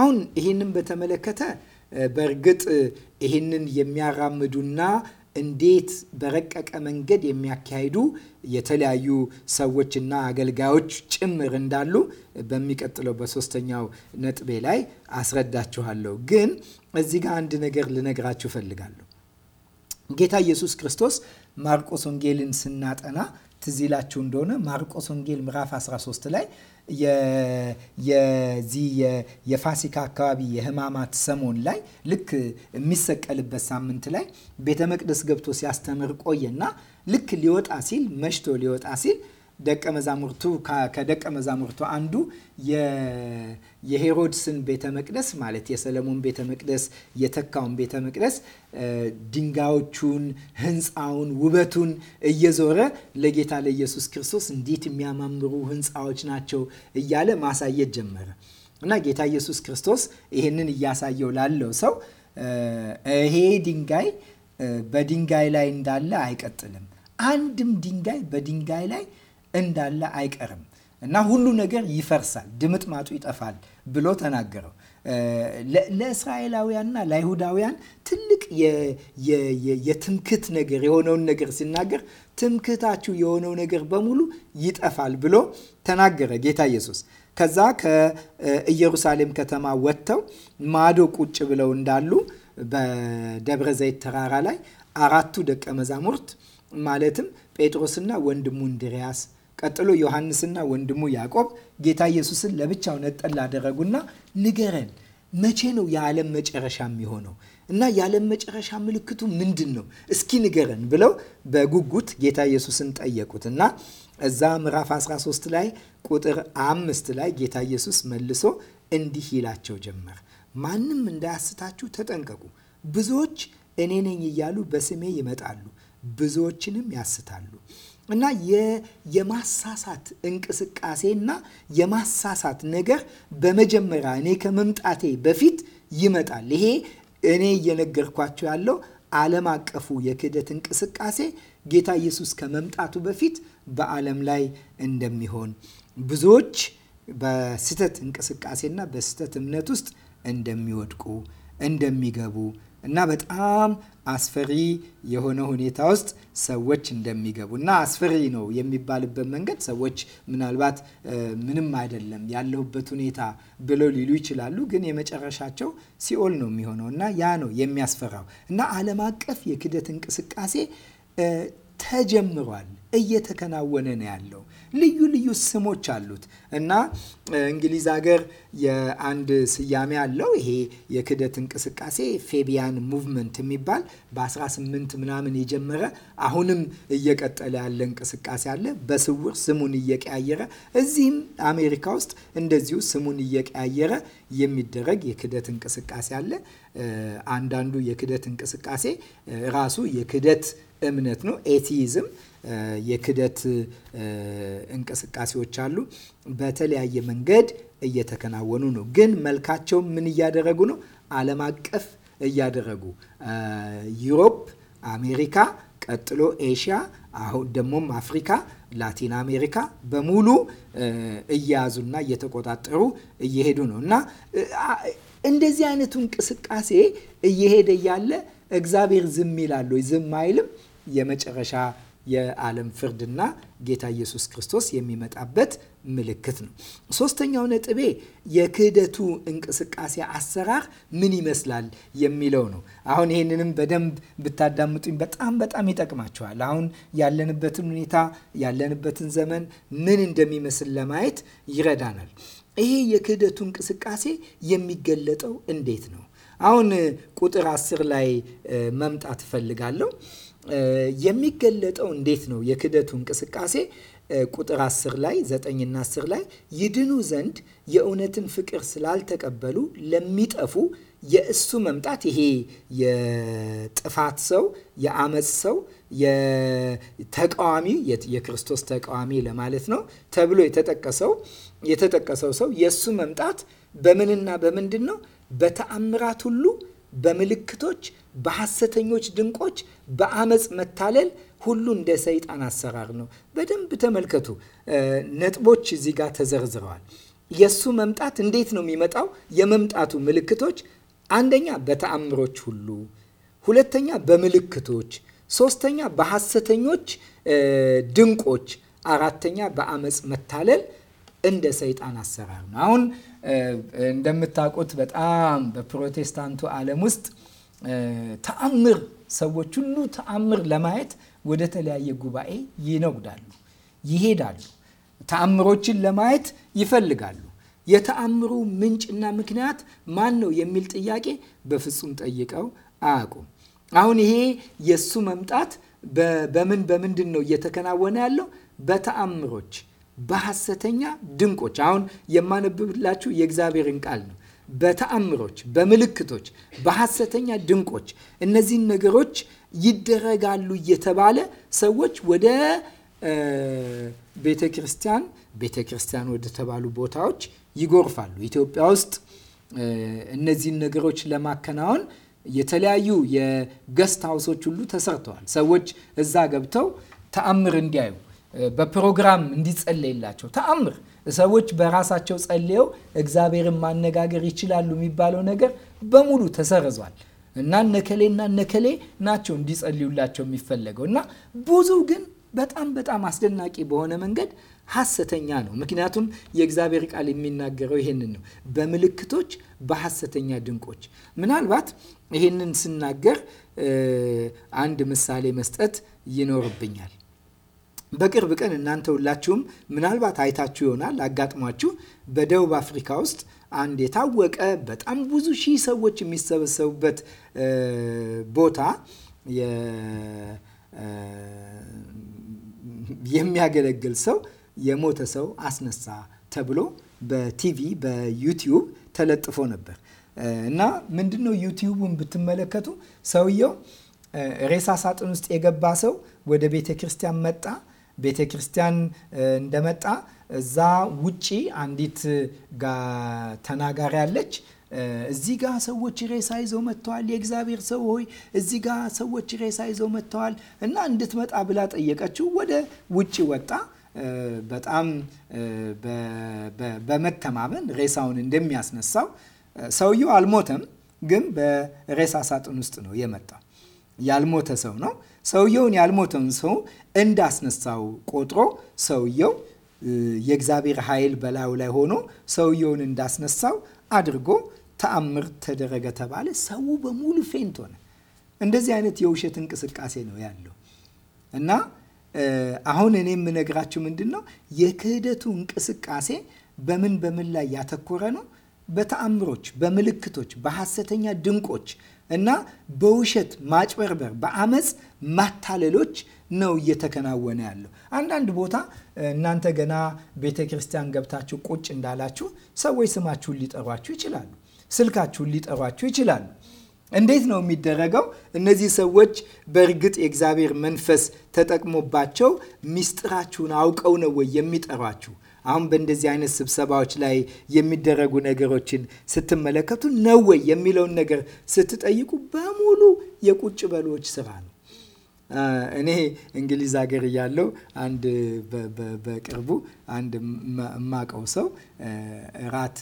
አሁን ይህንን በተመለከተ በእርግጥ ይህንን የሚያራምዱና እንዴት በረቀቀ መንገድ የሚያካሂዱ የተለያዩ ሰዎችና አገልጋዮች ጭምር እንዳሉ በሚቀጥለው በሶስተኛው ነጥቤ ላይ አስረዳችኋለሁ። ግን እዚህ ጋር አንድ ነገር ልነግራችሁ እፈልጋለሁ። ጌታ ኢየሱስ ክርስቶስ ማርቆስ ወንጌልን ስናጠና ትዝ ይላችሁ እንደሆነ ማርቆስ ወንጌል ምዕራፍ 13 ላይ የዚህ የፋሲካ አካባቢ የህማማት ሰሞን ላይ ልክ የሚሰቀልበት ሳምንት ላይ ቤተ መቅደስ ገብቶ ሲያስተምር ቆየና ልክ ሊወጣ ሲል መሽቶ ሊወጣ ሲል ደቀ መዛሙርቱ ከደቀ መዛሙርቱ አንዱ የሄሮድስን ቤተ መቅደስ ማለት የሰለሞን ቤተ መቅደስ የተካውን ቤተ መቅደስ ድንጋዮቹን፣ ህንፃውን፣ ውበቱን እየዞረ ለጌታ ለኢየሱስ ክርስቶስ እንዴት የሚያማምሩ ህንፃዎች ናቸው እያለ ማሳየት ጀመረ እና ጌታ ኢየሱስ ክርስቶስ ይህንን እያሳየው ላለው ሰው ይሄ ድንጋይ በድንጋይ ላይ እንዳለ አይቀጥልም። አንድም ድንጋይ በድንጋይ ላይ እንዳለ አይቀርም እና ሁሉ ነገር ይፈርሳል፣ ድምጥማጡ ይጠፋል ብሎ ተናገረው። ለእስራኤላውያንና ለአይሁዳውያን ትልቅ የትምክት ነገር የሆነውን ነገር ሲናገር ትምክታችሁ የሆነው ነገር በሙሉ ይጠፋል ብሎ ተናገረ ጌታ ኢየሱስ። ከዛ ከኢየሩሳሌም ከተማ ወጥተው ማዶ ቁጭ ብለው እንዳሉ በደብረ ዘይት ተራራ ላይ አራቱ ደቀ መዛሙርት ማለትም ጴጥሮስና ወንድሙ እንድሪያስ ቀጥሎ ዮሐንስና ወንድሙ ያዕቆብ ጌታ ኢየሱስን ለብቻው ነጠል አደረጉና ንገረን መቼ ነው የዓለም መጨረሻ የሚሆነው እና የዓለም መጨረሻ ምልክቱ ምንድን ነው? እስኪ ንገረን ብለው በጉጉት ጌታ ኢየሱስን ጠየቁት እና እዛ ምዕራፍ 13 ላይ ቁጥር አምስት ላይ ጌታ ኢየሱስ መልሶ እንዲህ ይላቸው ጀመር። ማንም እንዳያስታችሁ ተጠንቀቁ። ብዙዎች እኔ ነኝ እያሉ በስሜ ይመጣሉ፣ ብዙዎችንም ያስታሉ። እና የማሳሳት እንቅስቃሴና የማሳሳት ነገር በመጀመሪያ እኔ ከመምጣቴ በፊት ይመጣል። ይሄ እኔ እየነገርኳቸው ያለው ዓለም አቀፉ የክህደት እንቅስቃሴ ጌታ ኢየሱስ ከመምጣቱ በፊት በዓለም ላይ እንደሚሆን ብዙዎች በስህተት እንቅስቃሴና በስህተት እምነት ውስጥ እንደሚወድቁ እንደሚገቡ እና በጣም አስፈሪ የሆነ ሁኔታ ውስጥ ሰዎች እንደሚገቡ እና አስፈሪ ነው የሚባልበት መንገድ ሰዎች ምናልባት ምንም አይደለም ያለሁበት ሁኔታ ብለው ሊሉ ይችላሉ፣ ግን የመጨረሻቸው ሲኦል ነው የሚሆነው እና ያ ነው የሚያስፈራው እና ዓለም አቀፍ የክደት እንቅስቃሴ ተጀምሯል፣ እየተከናወነ ነው ያለው ልዩ ልዩ ስሞች አሉት እና እንግሊዝ ሀገር የአንድ ስያሜ አለው። ይሄ የክደት እንቅስቃሴ ፌቢያን ሙቭመንት የሚባል በ18 ምናምን የጀመረ አሁንም እየቀጠለ ያለ እንቅስቃሴ አለ። በስውር ስሙን እየቀያየረ እዚህም አሜሪካ ውስጥ እንደዚሁ ስሙን እየቀያየረ የሚደረግ የክደት እንቅስቃሴ አለ። አንዳንዱ የክደት እንቅስቃሴ ራሱ የክደት እምነት ነው ኤቲይዝም የክደት እንቅስቃሴዎች አሉ። በተለያየ መንገድ እየተከናወኑ ነው። ግን መልካቸው ምን እያደረጉ ነው? ዓለም አቀፍ እያደረጉ ዩሮፕ፣ አሜሪካ፣ ቀጥሎ ኤሽያ፣ አሁን ደግሞም አፍሪካ፣ ላቲን አሜሪካ በሙሉ እየያዙና እየተቆጣጠሩ እየሄዱ ነው እና እንደዚህ አይነቱ እንቅስቃሴ እየሄደ እያለ እግዚአብሔር ዝም ይላሉ? ዝም አይልም። የመጨረሻ የዓለም ፍርድና ጌታ ኢየሱስ ክርስቶስ የሚመጣበት ምልክት ነው። ሶስተኛው ነጥቤ የክህደቱ እንቅስቃሴ አሰራር ምን ይመስላል የሚለው ነው። አሁን ይህንንም በደንብ ብታዳምጡኝ በጣም በጣም ይጠቅማቸዋል። አሁን ያለንበትን ሁኔታ ያለንበትን ዘመን ምን እንደሚመስል ለማየት ይረዳናል። ይሄ የክህደቱ እንቅስቃሴ የሚገለጠው እንዴት ነው? አሁን ቁጥር አስር ላይ መምጣት እፈልጋለሁ። የሚገለጠው እንዴት ነው? የክደቱ እንቅስቃሴ ቁጥር 10 ላይ 9 እና 10 ላይ ይድኑ ዘንድ የእውነትን ፍቅር ስላልተቀበሉ ለሚጠፉ የእሱ መምጣት ይሄ የጥፋት ሰው የአመፅ ሰው የተቃዋሚ የክርስቶስ ተቃዋሚ ለማለት ነው ተብሎ የተጠቀሰው የተጠቀሰው ሰው የእሱ መምጣት በምንና በምንድን ነው? በተአምራት ሁሉ በምልክቶች በሐሰተኞች ድንቆች፣ በአመፅ መታለል ሁሉ እንደ ሰይጣን አሰራር ነው። በደንብ ተመልከቱ። ነጥቦች እዚህ ጋር ተዘርዝረዋል። የእሱ መምጣት እንዴት ነው የሚመጣው? የመምጣቱ ምልክቶች አንደኛ በተአምሮች ሁሉ፣ ሁለተኛ በምልክቶች፣ ሶስተኛ በሐሰተኞች ድንቆች፣ አራተኛ በአመፅ መታለል እንደ ሰይጣን አሰራር ነው። አሁን እንደምታውቁት በጣም በፕሮቴስታንቱ ዓለም ውስጥ ተአምር ሰዎች ሁሉ ተአምር ለማየት ወደ ተለያየ ጉባኤ ይነጉዳሉ፣ ይሄዳሉ። ተአምሮችን ለማየት ይፈልጋሉ። የተአምሩ ምንጭና ምክንያት ማን ነው የሚል ጥያቄ በፍጹም ጠይቀው አያውቁም። አሁን ይሄ የእሱ መምጣት በምን በምንድን ነው እየተከናወነ ያለው? በተአምሮች፣ በሐሰተኛ ድንቆች። አሁን የማነብብላችሁ የእግዚአብሔርን ቃል ነው። በተአምሮች፣ በምልክቶች፣ በሐሰተኛ ድንቆች እነዚህን ነገሮች ይደረጋሉ እየተባለ ሰዎች ወደ ቤተ ክርስቲያን ቤተ ክርስቲያን ወደ ተባሉ ቦታዎች ይጎርፋሉ። ኢትዮጵያ ውስጥ እነዚህን ነገሮች ለማከናወን የተለያዩ የገስት ሀውሶች ሁሉ ተሰርተዋል። ሰዎች እዛ ገብተው ተአምር እንዲያዩ በፕሮግራም እንዲጸለይላቸው ተአምር ሰዎች በራሳቸው ጸልየው እግዚአብሔርን ማነጋገር ይችላሉ የሚባለው ነገር በሙሉ ተሰርዟል እና ነከሌ እና ነከሌ ናቸው እንዲጸልዩላቸው የሚፈለገው እና ብዙ ግን በጣም በጣም አስደናቂ በሆነ መንገድ ሐሰተኛ ነው። ምክንያቱም የእግዚአብሔር ቃል የሚናገረው ይሄንን ነው፣ በምልክቶች በሐሰተኛ ድንቆች። ምናልባት ይሄንን ስናገር አንድ ምሳሌ መስጠት ይኖርብኛል። በቅርብ ቀን እናንተ ሁላችሁም ምናልባት አይታችሁ ይሆናል አጋጥሟችሁ። በደቡብ አፍሪካ ውስጥ አንድ የታወቀ በጣም ብዙ ሺህ ሰዎች የሚሰበሰቡበት ቦታ የሚያገለግል ሰው የሞተ ሰው አስነሳ ተብሎ በቲቪ በዩቲዩብ ተለጥፎ ነበር እና ምንድን ነው ዩቲዩቡን ብትመለከቱ ሰውየው ሬሳ ሳጥን ውስጥ የገባ ሰው ወደ ቤተ ክርስቲያን መጣ ቤተ ክርስቲያን እንደመጣ እዛ ውጪ አንዲት ጋ ተናጋሪ አለች። እዚህ ጋ ሰዎች ሬሳ ይዘው መጥተዋል። የእግዚአብሔር ሰው ሆይ እዚህ ጋ ሰዎች ሬሳ ይዘው መጥተዋል እና እንድትመጣ ብላ ጠየቀችው። ወደ ውጪ ወጣ። በጣም በመተማመን ሬሳውን እንደሚያስነሳው ሰውየው አልሞተም፣ ግን በሬሳ ሳጥን ውስጥ ነው የመጣው። ያልሞተ ሰው ነው። ሰውየውን ያልሞተውን ሰው እንዳስነሳው ቆጥሮ ሰውየው የእግዚአብሔር ኃይል በላዩ ላይ ሆኖ ሰውየውን እንዳስነሳው አድርጎ ተአምር ተደረገ ተባለ። ሰው በሙሉ ፌንት ሆነ። እንደዚህ አይነት የውሸት እንቅስቃሴ ነው ያለው እና አሁን እኔ የምነግራችሁ ምንድን ነው የክህደቱ እንቅስቃሴ በምን በምን ላይ ያተኮረ ነው? በተአምሮች፣ በምልክቶች፣ በሐሰተኛ ድንቆች፣ እና በውሸት ማጭበርበር፣ በአመፅ ማታለሎች ነው እየተከናወነ ያለው። አንዳንድ ቦታ እናንተ ገና ቤተ ክርስቲያን ገብታችሁ ቁጭ እንዳላችሁ ሰዎች ስማችሁን ሊጠሯችሁ ይችላሉ። ስልካችሁን ሊጠሯችሁ ይችላሉ። እንዴት ነው የሚደረገው? እነዚህ ሰዎች በእርግጥ የእግዚአብሔር መንፈስ ተጠቅሞባቸው ሚስጥራችሁን አውቀው ነው ወይ የሚጠሯችሁ? አሁን በእንደዚህ አይነት ስብሰባዎች ላይ የሚደረጉ ነገሮችን ስትመለከቱ ነው ወይ የሚለውን ነገር ስትጠይቁ በሙሉ የቁጭ በሎች ስራ ነው። እኔ እንግሊዝ ሀገር እያለው አንድ በቅርቡ አንድ የማቀው ሰው እራት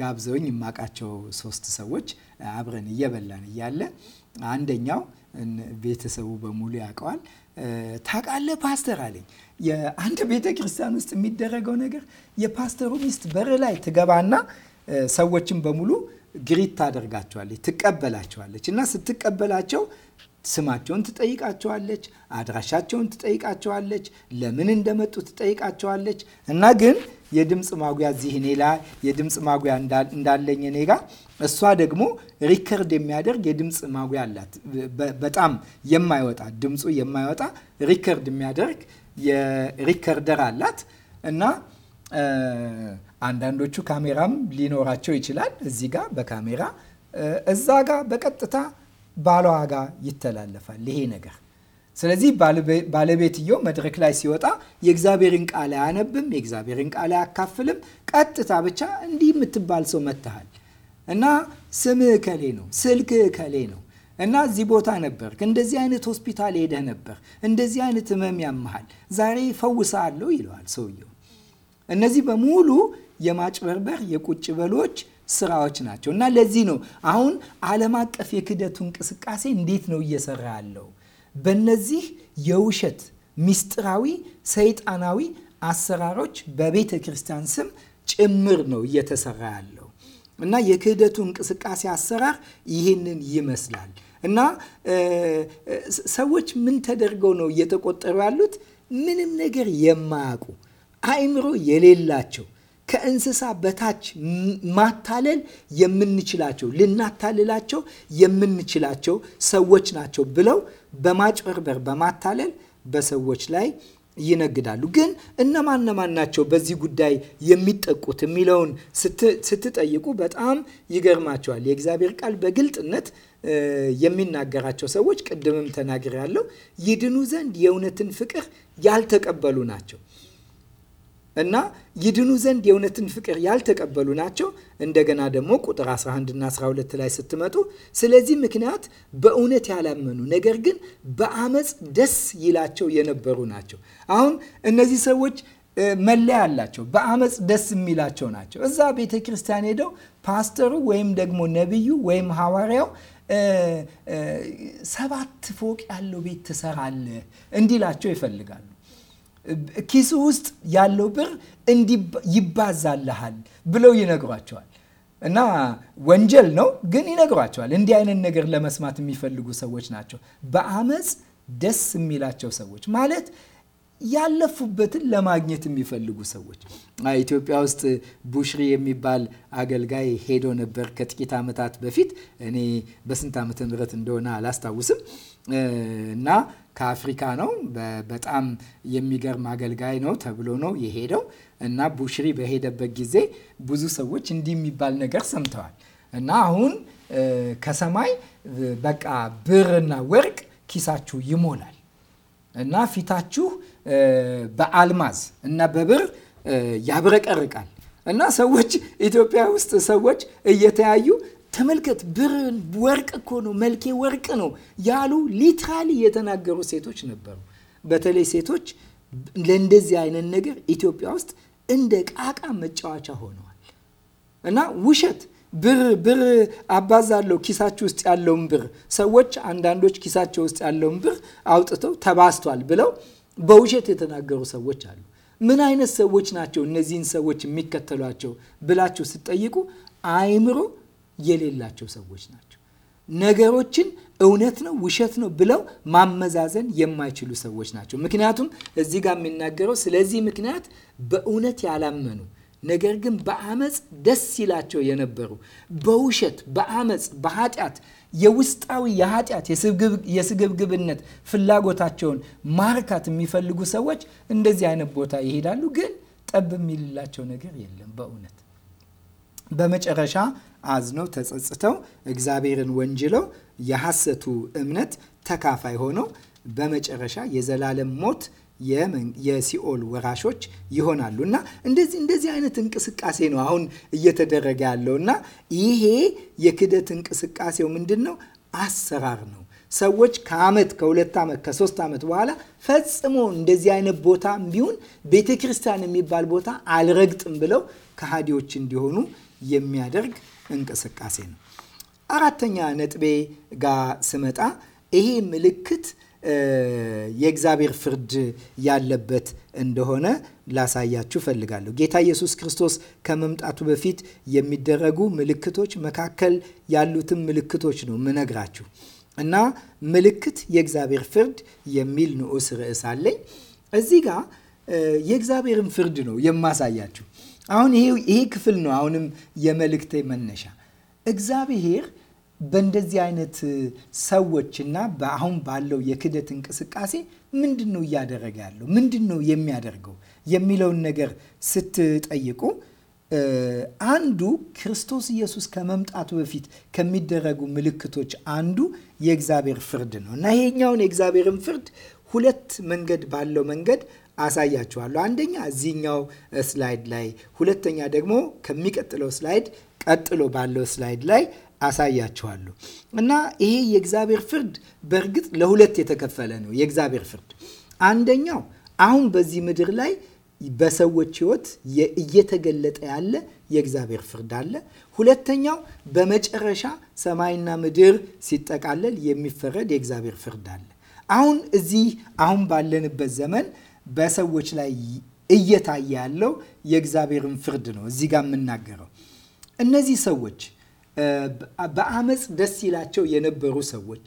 ጋብዘውኝ የማቃቸው ሶስት ሰዎች አብረን እየበላን እያለ አንደኛው ቤተሰቡ በሙሉ ያውቀዋል። ታውቃለህ ፓስተር አለኝ የአንድ ቤተ ክርስቲያን ውስጥ የሚደረገው ነገር የፓስተሩ ሚስት በር ላይ ትገባና ሰዎችን በሙሉ ግሪት ታደርጋቸዋለች፣ ትቀበላቸዋለች እና ስትቀበላቸው ስማቸውን ትጠይቃቸዋለች፣ አድራሻቸውን ትጠይቃቸዋለች፣ ለምን እንደመጡ ትጠይቃቸዋለች እና ግን የድምፅ ማጉያ እዚህ እኔ ላይ የድምፅ ማጉያ እንዳለኝ እኔ ጋ እሷ ደግሞ ሪከርድ የሚያደርግ የድምፅ ማጉያ አላት። በጣም የማይወጣ ድምፁ የማይወጣ ሪከርድ የሚያደርግ የሪከርደር አላት እና አንዳንዶቹ ካሜራም ሊኖራቸው ይችላል። እዚህ ጋር በካሜራ እዛ ጋር በቀጥታ ባሏ ጋር ይተላለፋል ይሄ ነገር። ስለዚህ ባለቤትየው መድረክ ላይ ሲወጣ የእግዚአብሔርን ቃል አያነብም፣ የእግዚአብሔርን ቃል አያካፍልም። ቀጥታ ብቻ እንዲህ የምትባል ሰው መትሃል እና ስምህ እከሌ ነው፣ ስልክህ እከሌ ነው እና እዚህ ቦታ ነበር፣ እንደዚህ አይነት ሆስፒታል ሄደህ ነበር፣ እንደዚህ አይነት ህመም ያመሃል፣ ዛሬ ፈውሳለሁ ይለዋል ሰውየው። እነዚህ በሙሉ የማጭበርበር የቁጭ በሎች ስራዎች ናቸው። እና ለዚህ ነው አሁን ዓለም አቀፍ የክደቱ እንቅስቃሴ እንዴት ነው እየሰራ ያለው? በነዚህ የውሸት ሚስጥራዊ ሰይጣናዊ አሰራሮች በቤተ ክርስቲያን ስም ጭምር ነው እየተሰራ ያለው። እና የክህደቱ እንቅስቃሴ አሰራር ይህንን ይመስላል። እና ሰዎች ምን ተደርገው ነው እየተቆጠሩ ያሉት? ምንም ነገር የማያውቁ አእምሮ የሌላቸው ከእንስሳ በታች ማታለል የምንችላቸው ልናታልላቸው የምንችላቸው ሰዎች ናቸው ብለው በማጭበርበር በማታለል በሰዎች ላይ ይነግዳሉ። ግን እነማን እነማን ናቸው በዚህ ጉዳይ የሚጠቁት የሚለውን ስትጠይቁ በጣም ይገርማቸዋል። የእግዚአብሔር ቃል በግልጥነት የሚናገራቸው ሰዎች ቅድምም ተናግር ያለው ይድኑ ዘንድ የእውነትን ፍቅር ያልተቀበሉ ናቸው እና ይድኑ ዘንድ የእውነትን ፍቅር ያልተቀበሉ ናቸው። እንደገና ደግሞ ቁጥር 11 እና 12 ላይ ስትመጡ ስለዚህ ምክንያት በእውነት ያላመኑ ነገር ግን በአመፅ ደስ ይላቸው የነበሩ ናቸው። አሁን እነዚህ ሰዎች መለያ አላቸው። በአመፅ ደስ የሚላቸው ናቸው። እዛ ቤተ ክርስቲያን ሄደው ፓስተሩ ወይም ደግሞ ነቢዩ ወይም ሐዋርያው ሰባት ፎቅ ያለው ቤት ትሰራለህ እንዲላቸው ይፈልጋሉ። ኪስ ውስጥ ያለው ብር ይባዛልሃል ብለው ይነግሯቸዋል። እና ወንጀል ነው ግን ይነግሯቸዋል። እንዲህ አይነት ነገር ለመስማት የሚፈልጉ ሰዎች ናቸው። በአመፅ ደስ የሚላቸው ሰዎች ማለት ያለፉበትን ለማግኘት የሚፈልጉ ሰዎች ኢትዮጵያ ውስጥ ቡሽሪ የሚባል አገልጋይ ሄዶ ነበር ከጥቂት ዓመታት በፊት እኔ በስንት ዓመተ ምህረት እንደሆነ አላስታውስም እና ከአፍሪካ ነው። በጣም የሚገርም አገልጋይ ነው ተብሎ ነው የሄደው እና ቡሽሪ በሄደበት ጊዜ ብዙ ሰዎች እንዲህ የሚባል ነገር ሰምተዋል እና አሁን ከሰማይ በቃ ብርና ወርቅ ኪሳችሁ ይሞላል እና ፊታችሁ በአልማዝ እና በብር ያብረቀርቃል እና ሰዎች ኢትዮጵያ ውስጥ ሰዎች እየተያዩ ተመልከት ብርን ወርቅ እኮ ነው፣ መልኬ ወርቅ ነው ያሉ ሊትራሊ የተናገሩ ሴቶች ነበሩ። በተለይ ሴቶች ለእንደዚህ አይነት ነገር ኢትዮጵያ ውስጥ እንደ ቃቃ መጫወቻ ሆነዋል እና ውሸት ብር ብር አባዛለሁ ኪሳችሁ ውስጥ ያለውን ብር ሰዎች አንዳንዶች ኪሳቸው ውስጥ ያለውን ብር አውጥተው ተባስቷል ብለው በውሸት የተናገሩ ሰዎች አሉ። ምን አይነት ሰዎች ናቸው እነዚህን ሰዎች የሚከተሏቸው ብላችሁ ስትጠይቁ አእምሮ የሌላቸው ሰዎች ናቸው። ነገሮችን እውነት ነው ውሸት ነው ብለው ማመዛዘን የማይችሉ ሰዎች ናቸው። ምክንያቱም እዚህ ጋር የሚናገረው ስለዚህ ምክንያት በእውነት ያላመኑ ነገር ግን በአመፅ ደስ ይላቸው የነበሩ በውሸት በአመፅ በኃጢአት የውስጣዊ የኃጢአት የስግብግብነት ፍላጎታቸውን ማርካት የሚፈልጉ ሰዎች እንደዚህ አይነት ቦታ ይሄዳሉ። ግን ጠብ የሚልላቸው ነገር የለም። በእውነት በመጨረሻ አዝነው ተጸጽተው እግዚአብሔርን ወንጅለው የሐሰቱ እምነት ተካፋይ ሆነው በመጨረሻ የዘላለም ሞት የሲኦል ወራሾች ይሆናሉ እና እንደዚህ እንደዚህ አይነት እንቅስቃሴ ነው አሁን እየተደረገ ያለው እና ይሄ የክደት እንቅስቃሴው ምንድን ነው? አሰራር ነው። ሰዎች ከአመት ከሁለት ዓመት ከሶስት ዓመት በኋላ ፈጽሞ እንደዚህ አይነት ቦታ ቢሆን ቤተ ክርስቲያን የሚባል ቦታ አልረግጥም ብለው ከሃዲዎች እንዲሆኑ የሚያደርግ እንቅስቃሴ ነው። አራተኛ ነጥቤ ጋር ስመጣ ይሄ ምልክት የእግዚአብሔር ፍርድ ያለበት እንደሆነ ላሳያችሁ ፈልጋለሁ። ጌታ ኢየሱስ ክርስቶስ ከመምጣቱ በፊት የሚደረጉ ምልክቶች መካከል ያሉትን ምልክቶች ነው ምነግራችሁ እና ምልክት የእግዚአብሔር ፍርድ የሚል ንዑስ ርዕስ አለኝ። እዚህ ጋር የእግዚአብሔርን ፍርድ ነው የማሳያችሁ። አሁን ይሄ ክፍል ነው አሁንም የመልእክቴ መነሻ እግዚአብሔር በእንደዚህ አይነት ሰዎችና በአሁን ባለው የክደት እንቅስቃሴ ምንድን ነው እያደረገ ያለው? ምንድን ነው የሚያደርገው የሚለውን ነገር ስትጠይቁ አንዱ ክርስቶስ ኢየሱስ ከመምጣቱ በፊት ከሚደረጉ ምልክቶች አንዱ የእግዚአብሔር ፍርድ ነው እና ይሄኛውን የእግዚአብሔርን ፍርድ ሁለት መንገድ ባለው መንገድ አሳያችኋለሁ። አንደኛ እዚህኛው ስላይድ ላይ፣ ሁለተኛ ደግሞ ከሚቀጥለው ስላይድ ቀጥሎ ባለው ስላይድ ላይ አሳያችኋለሁ። እና ይሄ የእግዚአብሔር ፍርድ በእርግጥ ለሁለት የተከፈለ ነው። የእግዚአብሔር ፍርድ አንደኛው አሁን በዚህ ምድር ላይ በሰዎች ሕይወት እየተገለጠ ያለ የእግዚአብሔር ፍርድ አለ። ሁለተኛው በመጨረሻ ሰማይና ምድር ሲጠቃለል የሚፈረድ የእግዚአብሔር ፍርድ አለ። አሁን እዚህ አሁን ባለንበት ዘመን በሰዎች ላይ እየታየ ያለው የእግዚአብሔርን ፍርድ ነው እዚህ ጋር የምናገረው እነዚህ ሰዎች በአመፅ ደስ ይላቸው የነበሩ ሰዎች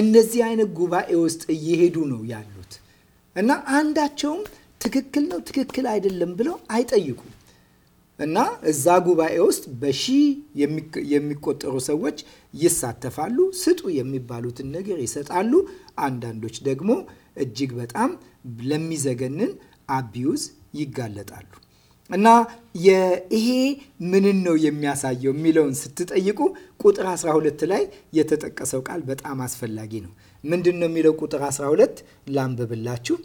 እነዚህ አይነት ጉባኤ ውስጥ እየሄዱ ነው ያሉት እና አንዳቸውም ትክክል ነው ትክክል አይደለም ብለው አይጠይቁም እና እዛ ጉባኤ ውስጥ በሺ የሚቆጠሩ ሰዎች ይሳተፋሉ። ስጡ የሚባሉትን ነገር ይሰጣሉ። አንዳንዶች ደግሞ እጅግ በጣም ለሚዘገንን አቢዩዝ ይጋለጣሉ። እና ይሄ ምንን ነው የሚያሳየው የሚለውን ስትጠይቁ ቁጥር 12 ላይ የተጠቀሰው ቃል በጣም አስፈላጊ ነው። ምንድን ነው የሚለው ቁጥር 12 ላንብብላችሁ።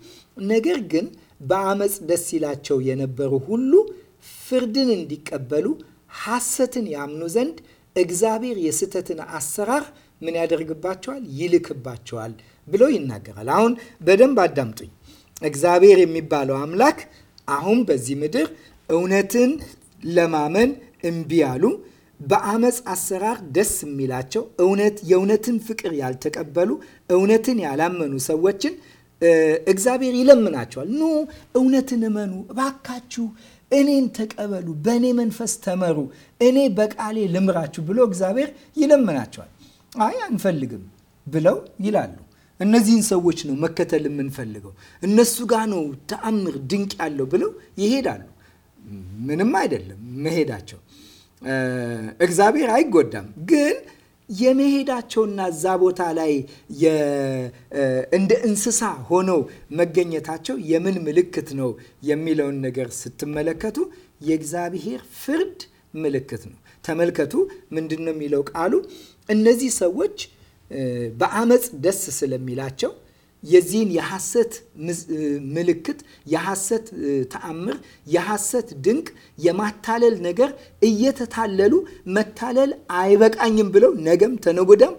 ነገር ግን በአመፅ ደስ ይላቸው የነበሩ ሁሉ ፍርድን እንዲቀበሉ ሐሰትን ያምኑ ዘንድ እግዚአብሔር የስህተትን አሰራር ምን ያደርግባቸዋል? ይልክባቸዋል ብሎ ይናገራል። አሁን በደንብ አዳምጡኝ። እግዚአብሔር የሚባለው አምላክ አሁን በዚህ ምድር እውነትን ለማመን እምቢ አሉ። በአመፅ አሰራር ደስ የሚላቸው እውነት የእውነትን ፍቅር ያልተቀበሉ እውነትን ያላመኑ ሰዎችን እግዚአብሔር ይለምናቸዋል። ኑ እውነትን እመኑ እባካችሁ፣ እኔን ተቀበሉ፣ በእኔ መንፈስ ተመሩ፣ እኔ በቃሌ ልምራችሁ ብሎ እግዚአብሔር ይለምናቸዋል። አይ አንፈልግም ብለው ይላሉ። እነዚህን ሰዎች ነው መከተል የምንፈልገው፣ እነሱ ጋር ነው ተአምር ድንቅ ያለው ብለው ይሄዳሉ። ምንም አይደለም መሄዳቸው። እግዚአብሔር አይጎዳም። ግን የመሄዳቸውና እዛ ቦታ ላይ እንደ እንስሳ ሆነው መገኘታቸው የምን ምልክት ነው የሚለውን ነገር ስትመለከቱ የእግዚአብሔር ፍርድ ምልክት ነው። ተመልከቱ፣ ምንድን ነው የሚለው ቃሉ? እነዚህ ሰዎች በአመፅ ደስ ስለሚላቸው የዚህን የሐሰት ምልክት፣ የሐሰት ተአምር፣ የሐሰት ድንቅ፣ የማታለል ነገር እየተታለሉ መታለል አይበቃኝም ብለው ነገም ተነጎዳም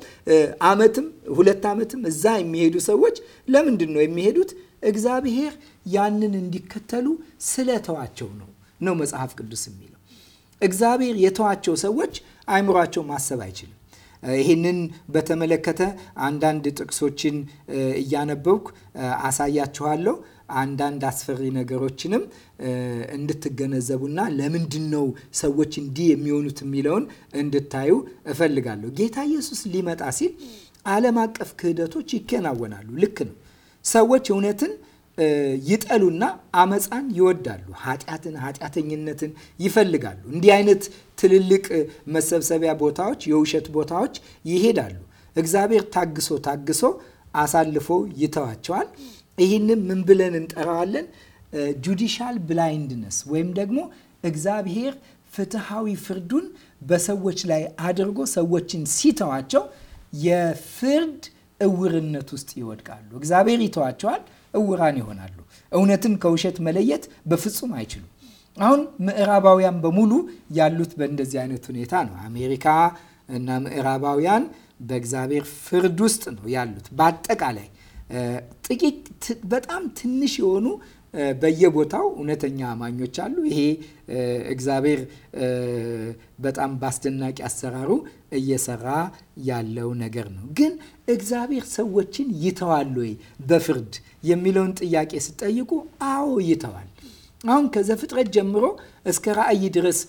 ዓመትም ሁለት ዓመትም እዛ የሚሄዱ ሰዎች ለምንድን ነው የሚሄዱት? እግዚአብሔር ያንን እንዲከተሉ ስለተዋቸው ነው ነው መጽሐፍ ቅዱስ የሚለው። እግዚአብሔር የተዋቸው ሰዎች አይምሯቸው ማሰብ አይችልም። ይህንን በተመለከተ አንዳንድ ጥቅሶችን እያነበብኩ አሳያችኋለሁ። አንዳንድ አስፈሪ ነገሮችንም እንድትገነዘቡና ለምንድን ነው ሰዎች እንዲህ የሚሆኑት የሚለውን እንድታዩ እፈልጋለሁ። ጌታ ኢየሱስ ሊመጣ ሲል ዓለም አቀፍ ክህደቶች ይከናወናሉ። ልክ ነው። ሰዎች እውነትን ይጠሉና አመፃን ይወዳሉ። ኃጢአትን፣ ኃጢአተኝነትን ይፈልጋሉ። እንዲህ አይነት ትልልቅ መሰብሰቢያ ቦታዎች፣ የውሸት ቦታዎች ይሄዳሉ። እግዚአብሔር ታግሶ ታግሶ አሳልፎ ይተዋቸዋል። ይህንም ምን ብለን እንጠራዋለን? ጁዲሻል ብላይንድነስ ወይም ደግሞ እግዚአብሔር ፍትሐዊ ፍርዱን በሰዎች ላይ አድርጎ ሰዎችን ሲተዋቸው የፍርድ እውርነት ውስጥ ይወድቃሉ። እግዚአብሔር ይተዋቸዋል። እውራን ይሆናሉ። እውነትን ከውሸት መለየት በፍጹም አይችሉም። አሁን ምዕራባውያን በሙሉ ያሉት በእንደዚህ አይነት ሁኔታ ነው። አሜሪካ እና ምዕራባውያን በእግዚአብሔር ፍርድ ውስጥ ነው ያሉት። በአጠቃላይ ጥቂት በጣም ትንሽ የሆኑ በየቦታው እውነተኛ አማኞች አሉ። ይሄ እግዚአብሔር በጣም በአስደናቂ አሰራሩ እየሰራ ያለው ነገር ነው። ግን እግዚአብሔር ሰዎችን ይተዋል ወይ በፍርድ የሚለውን ጥያቄ ስጠይቁ፣ አዎ ይተዋል። አሁን ከዘፍጥረት ጀምሮ እስከ ራእይ ድረስ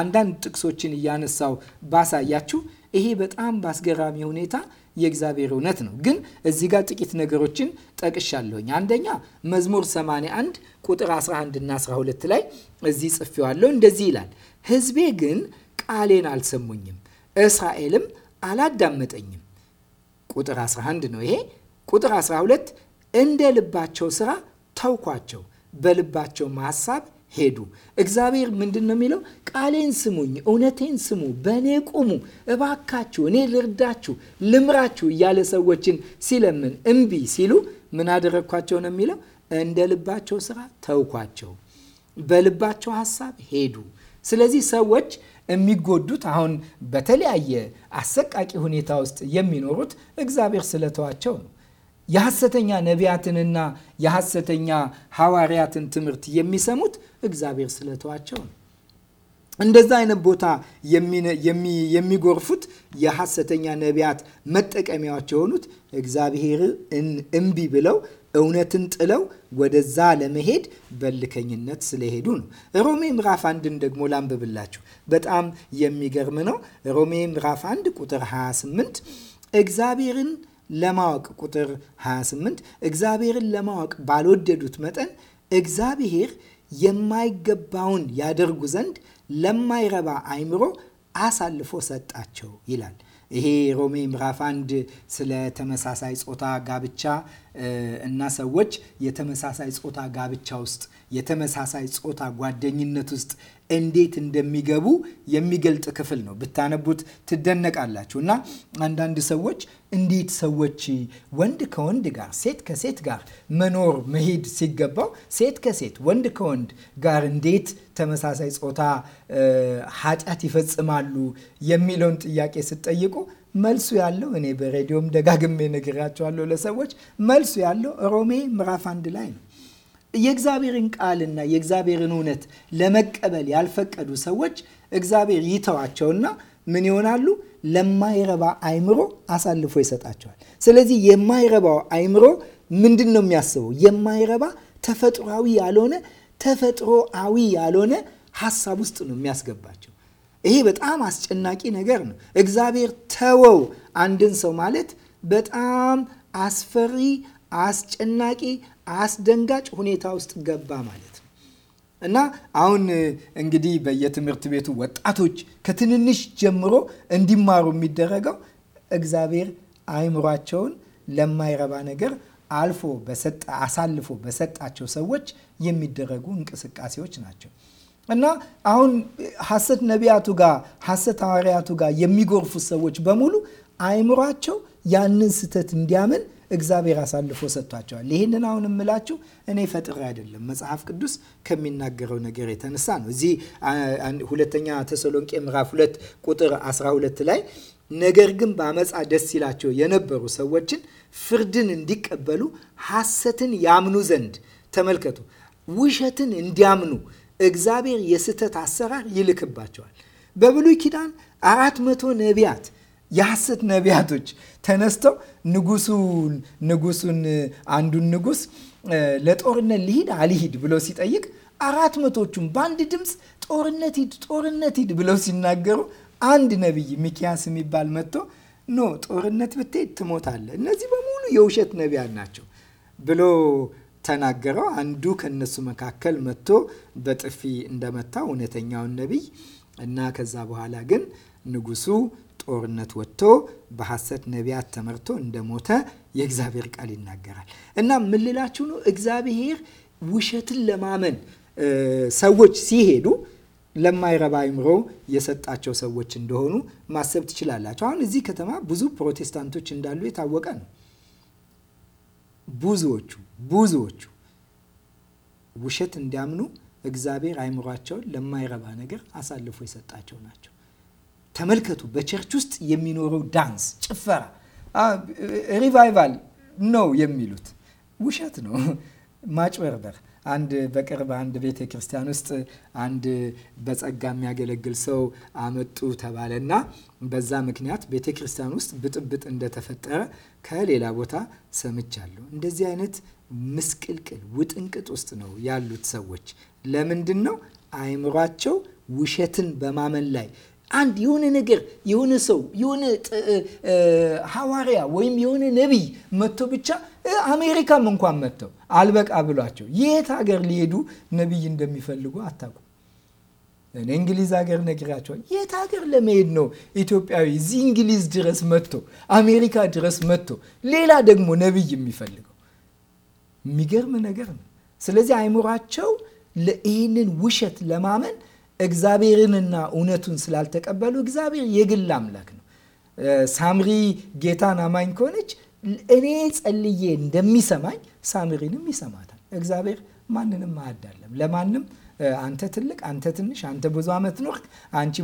አንዳንድ ጥቅሶችን እያነሳው ባሳያችሁ ይሄ በጣም በአስገራሚ ሁኔታ የእግዚአብሔር እውነት ነው። ግን እዚህ ጋር ጥቂት ነገሮችን ጠቅሻለሁኝ። አንደኛ መዝሙር 81 ቁጥር 11 እና 12 ላይ እዚህ ጽፌዋለሁ። እንደዚህ ይላል፣ ህዝቤ ግን ቃሌን አልሰሙኝም፣ እስራኤልም አላዳመጠኝም። ቁጥር 11 ነው ይሄ። ቁጥር 12 እንደ ልባቸው ስራ ተውኳቸው፣ በልባቸው ሐሳብ ሄዱ። እግዚአብሔር ምንድን ነው የሚለው? ቃሌን ስሙኝ፣ እውነቴን ስሙ፣ በእኔ ቁሙ፣ እባካችሁ እኔ ልርዳችሁ፣ ልምራችሁ እያለ ሰዎችን ሲለምን እምቢ ሲሉ ምን አደረግኳቸው ነው የሚለው? እንደ ልባቸው ስራ ተውኳቸው፣ በልባቸው ሀሳብ ሄዱ። ስለዚህ ሰዎች የሚጎዱት አሁን በተለያየ አሰቃቂ ሁኔታ ውስጥ የሚኖሩት እግዚአብሔር ስለተዋቸው ነው። የሐሰተኛ ነቢያትንና የሐሰተኛ ሐዋርያትን ትምህርት የሚሰሙት እግዚአብሔር ስለተዋቸው ነው። እንደዛ አይነት ቦታ የሚጎርፉት የሐሰተኛ ነቢያት መጠቀሚያዎች የሆኑት እግዚአብሔር እምቢ ብለው እውነትን ጥለው ወደዛ ለመሄድ በልከኝነት ስለሄዱ ነው። ሮሜ ምዕራፍ አንድን ደግሞ ላንብብላችሁ። በጣም የሚገርም ነው። ሮሜ ምዕራፍ አንድ ቁጥር 28 እግዚአብሔርን ለማወቅ ቁጥር 28 እግዚአብሔርን ለማወቅ ባልወደዱት መጠን እግዚአብሔር የማይገባውን ያደርጉ ዘንድ ለማይረባ አይምሮ አሳልፎ ሰጣቸው ይላል። ይሄ ሮሜ ምዕራፍ አንድ ስለ ተመሳሳይ ጾታ ጋብቻ እና ሰዎች የተመሳሳይ ጾታ ጋብቻ ውስጥ የተመሳሳይ ጾታ ጓደኝነት ውስጥ እንዴት እንደሚገቡ የሚገልጥ ክፍል ነው። ብታነቡት ትደነቃላችሁ። እና አንዳንድ ሰዎች እንዴት ሰዎች ወንድ ከወንድ ጋር፣ ሴት ከሴት ጋር መኖር መሄድ ሲገባው ሴት ከሴት ወንድ ከወንድ ጋር እንዴት ተመሳሳይ ጾታ ኃጢአት ይፈጽማሉ የሚለውን ጥያቄ ስትጠይቁ መልሱ ያለው እኔ በሬዲዮም ደጋግሜ ነግራቸዋለሁ ለሰዎች መልሱ ያለው ሮሜ ምዕራፍ አንድ ላይ ነው። የእግዚአብሔርን ቃልና የእግዚአብሔርን እውነት ለመቀበል ያልፈቀዱ ሰዎች እግዚአብሔር ይተዋቸውና ምን ይሆናሉ? ለማይረባ አይምሮ አሳልፎ ይሰጣቸዋል። ስለዚህ የማይረባው አይምሮ ምንድን ነው የሚያስበው? የማይረባ ተፈጥሯዊ ያልሆነ ተፈጥሮአዊ ያልሆነ ሀሳብ ውስጥ ነው የሚያስገባቸው። ይሄ በጣም አስጨናቂ ነገር ነው። እግዚአብሔር ተወው አንድን ሰው ማለት በጣም አስፈሪ፣ አስጨናቂ፣ አስደንጋጭ ሁኔታ ውስጥ ገባ ማለት ነው። እና አሁን እንግዲህ በየትምህርት ቤቱ ወጣቶች ከትንንሽ ጀምሮ እንዲማሩ የሚደረገው እግዚአብሔር አይምሯቸውን ለማይረባ ነገር አልፎ አሳልፎ በሰጣቸው ሰዎች የሚደረጉ እንቅስቃሴዎች ናቸው። እና አሁን ሐሰት ነቢያቱ ጋር ሐሰት ሐዋርያቱ ጋር የሚጎርፉ ሰዎች በሙሉ አይምሯቸው ያንን ስህተት እንዲያምን እግዚአብሔር አሳልፎ ሰጥቷቸዋል። ይህንን አሁን የምላችሁ እኔ ፈጥሬ አይደለም፣ መጽሐፍ ቅዱስ ከሚናገረው ነገር የተነሳ ነው። እዚህ ሁለተኛ ተሰሎንቄ ምዕራፍ ሁለት ቁጥር 12 ላይ ነገር ግን በአመፃ ደስ ይላቸው የነበሩ ሰዎችን ፍርድን እንዲቀበሉ ሐሰትን ያምኑ ዘንድ ተመልከቱ፣ ውሸትን እንዲያምኑ እግዚአብሔር የስህተት አሰራር ይልክባቸዋል። በብሉይ ኪዳን አራት መቶ ነቢያት የሐሰት ነቢያቶች ተነስተው ንጉሱን ንጉሱን አንዱን ንጉስ ለጦርነት ሊሂድ አልሂድ ብሎ ሲጠይቅ አራት መቶቹም በአንድ ድምፅ ጦርነት ሂድ ጦርነት ሂድ ብለው ሲናገሩ አንድ ነቢይ ሚኪያስ የሚባል መጥቶ ኖ ጦርነት ብትሄድ ትሞታለህ፣ እነዚህ በሙሉ የውሸት ነቢያት ናቸው ብሎ ተናገረው። አንዱ ከነሱ መካከል መጥቶ በጥፊ እንደመታው እውነተኛውን ነቢይ እና ከዛ በኋላ ግን ንጉሱ ጦርነት ወጥቶ በሐሰት ነቢያት ተመርቶ እንደሞተ የእግዚአብሔር ቃል ይናገራል። እና ምልላችሁ ነው? እግዚአብሔር ውሸትን ለማመን ሰዎች ሲሄዱ ለማይረባ አይምሮ የሰጣቸው ሰዎች እንደሆኑ ማሰብ ትችላላቸው። አሁን እዚህ ከተማ ብዙ ፕሮቴስታንቶች እንዳሉ የታወቀ ነው። ብዙዎቹ ብዙዎቹ ውሸት እንዲያምኑ እግዚአብሔር አይምሯቸውን ለማይረባ ነገር አሳልፎ የሰጣቸው ናቸው። ተመልከቱ፣ በቸርች ውስጥ የሚኖረው ዳንስ፣ ጭፈራ፣ ሪቫይቫል ነው የሚሉት ውሸት ነው፣ ማጭበርበር። አንድ በቅርብ አንድ ቤተ ክርስቲያን ውስጥ አንድ በጸጋ የሚያገለግል ሰው አመጡ ተባለና በዛ ምክንያት ቤተ ክርስቲያን ውስጥ ብጥብጥ እንደተፈጠረ ከሌላ ቦታ ሰምቻለሁ። እንደዚህ አይነት ምስቅልቅል ውጥንቅጥ ውስጥ ነው ያሉት ሰዎች። ለምንድን ነው አይምሯቸው ውሸትን በማመን ላይ አንድ የሆነ ነገር የሆነ ሰው የሆነ ሐዋርያ ወይም የሆነ ነቢይ መጥቶ ብቻ አሜሪካም እንኳን መጥተው አልበቃ ብሏቸው የት ሀገር ሊሄዱ ነቢይ እንደሚፈልጉ አታውቁም። እኔ እንግሊዝ ሀገር ነግራቸዋል። የት ሀገር ለመሄድ ነው ኢትዮጵያዊ እዚህ እንግሊዝ ድረስ መጥቶ አሜሪካ ድረስ መጥቶ ሌላ ደግሞ ነቢይ የሚፈልገው? የሚገርም ነገር ነው። ስለዚህ አይምሯቸው ይህንን ውሸት ለማመን እግዚአብሔርንና እውነቱን ስላልተቀበሉ እግዚአብሔር የግል አምላክ ነው። ሳምሪ ጌታን አማኝ ከሆነች እኔ ጸልዬ እንደሚሰማኝ ሳምሪንም ይሰማታል። እግዚአብሔር ማንንም አያዳለም፣ ለማንም አንተ ትልቅ፣ አንተ ትንሽ፣ አንተ ብዙ ዓመት ኖርክ፣ አንቺ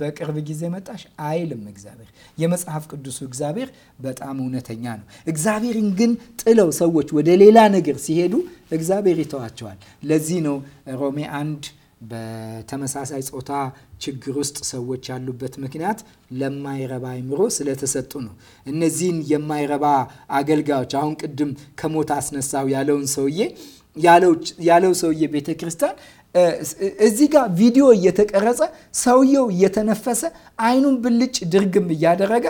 በቅርብ ጊዜ መጣሽ አይልም። እግዚአብሔር የመጽሐፍ ቅዱሱ እግዚአብሔር በጣም እውነተኛ ነው። እግዚአብሔርን ግን ጥለው ሰዎች ወደ ሌላ ነገር ሲሄዱ እግዚአብሔር ይተዋቸዋል። ለዚህ ነው ሮሜ አንድ በተመሳሳይ ጾታ ችግር ውስጥ ሰዎች ያሉበት ምክንያት ለማይረባ አይምሮ ስለተሰጡ ነው። እነዚህን የማይረባ አገልጋዮች አሁን ቅድም ከሞት አስነሳው ያለውን ሰውዬ ያለው ሰውዬ ቤተ ክርስቲያን እዚህ ጋር ቪዲዮ እየተቀረጸ ሰውየው እየተነፈሰ አይኑን ብልጭ ድርግም እያደረገ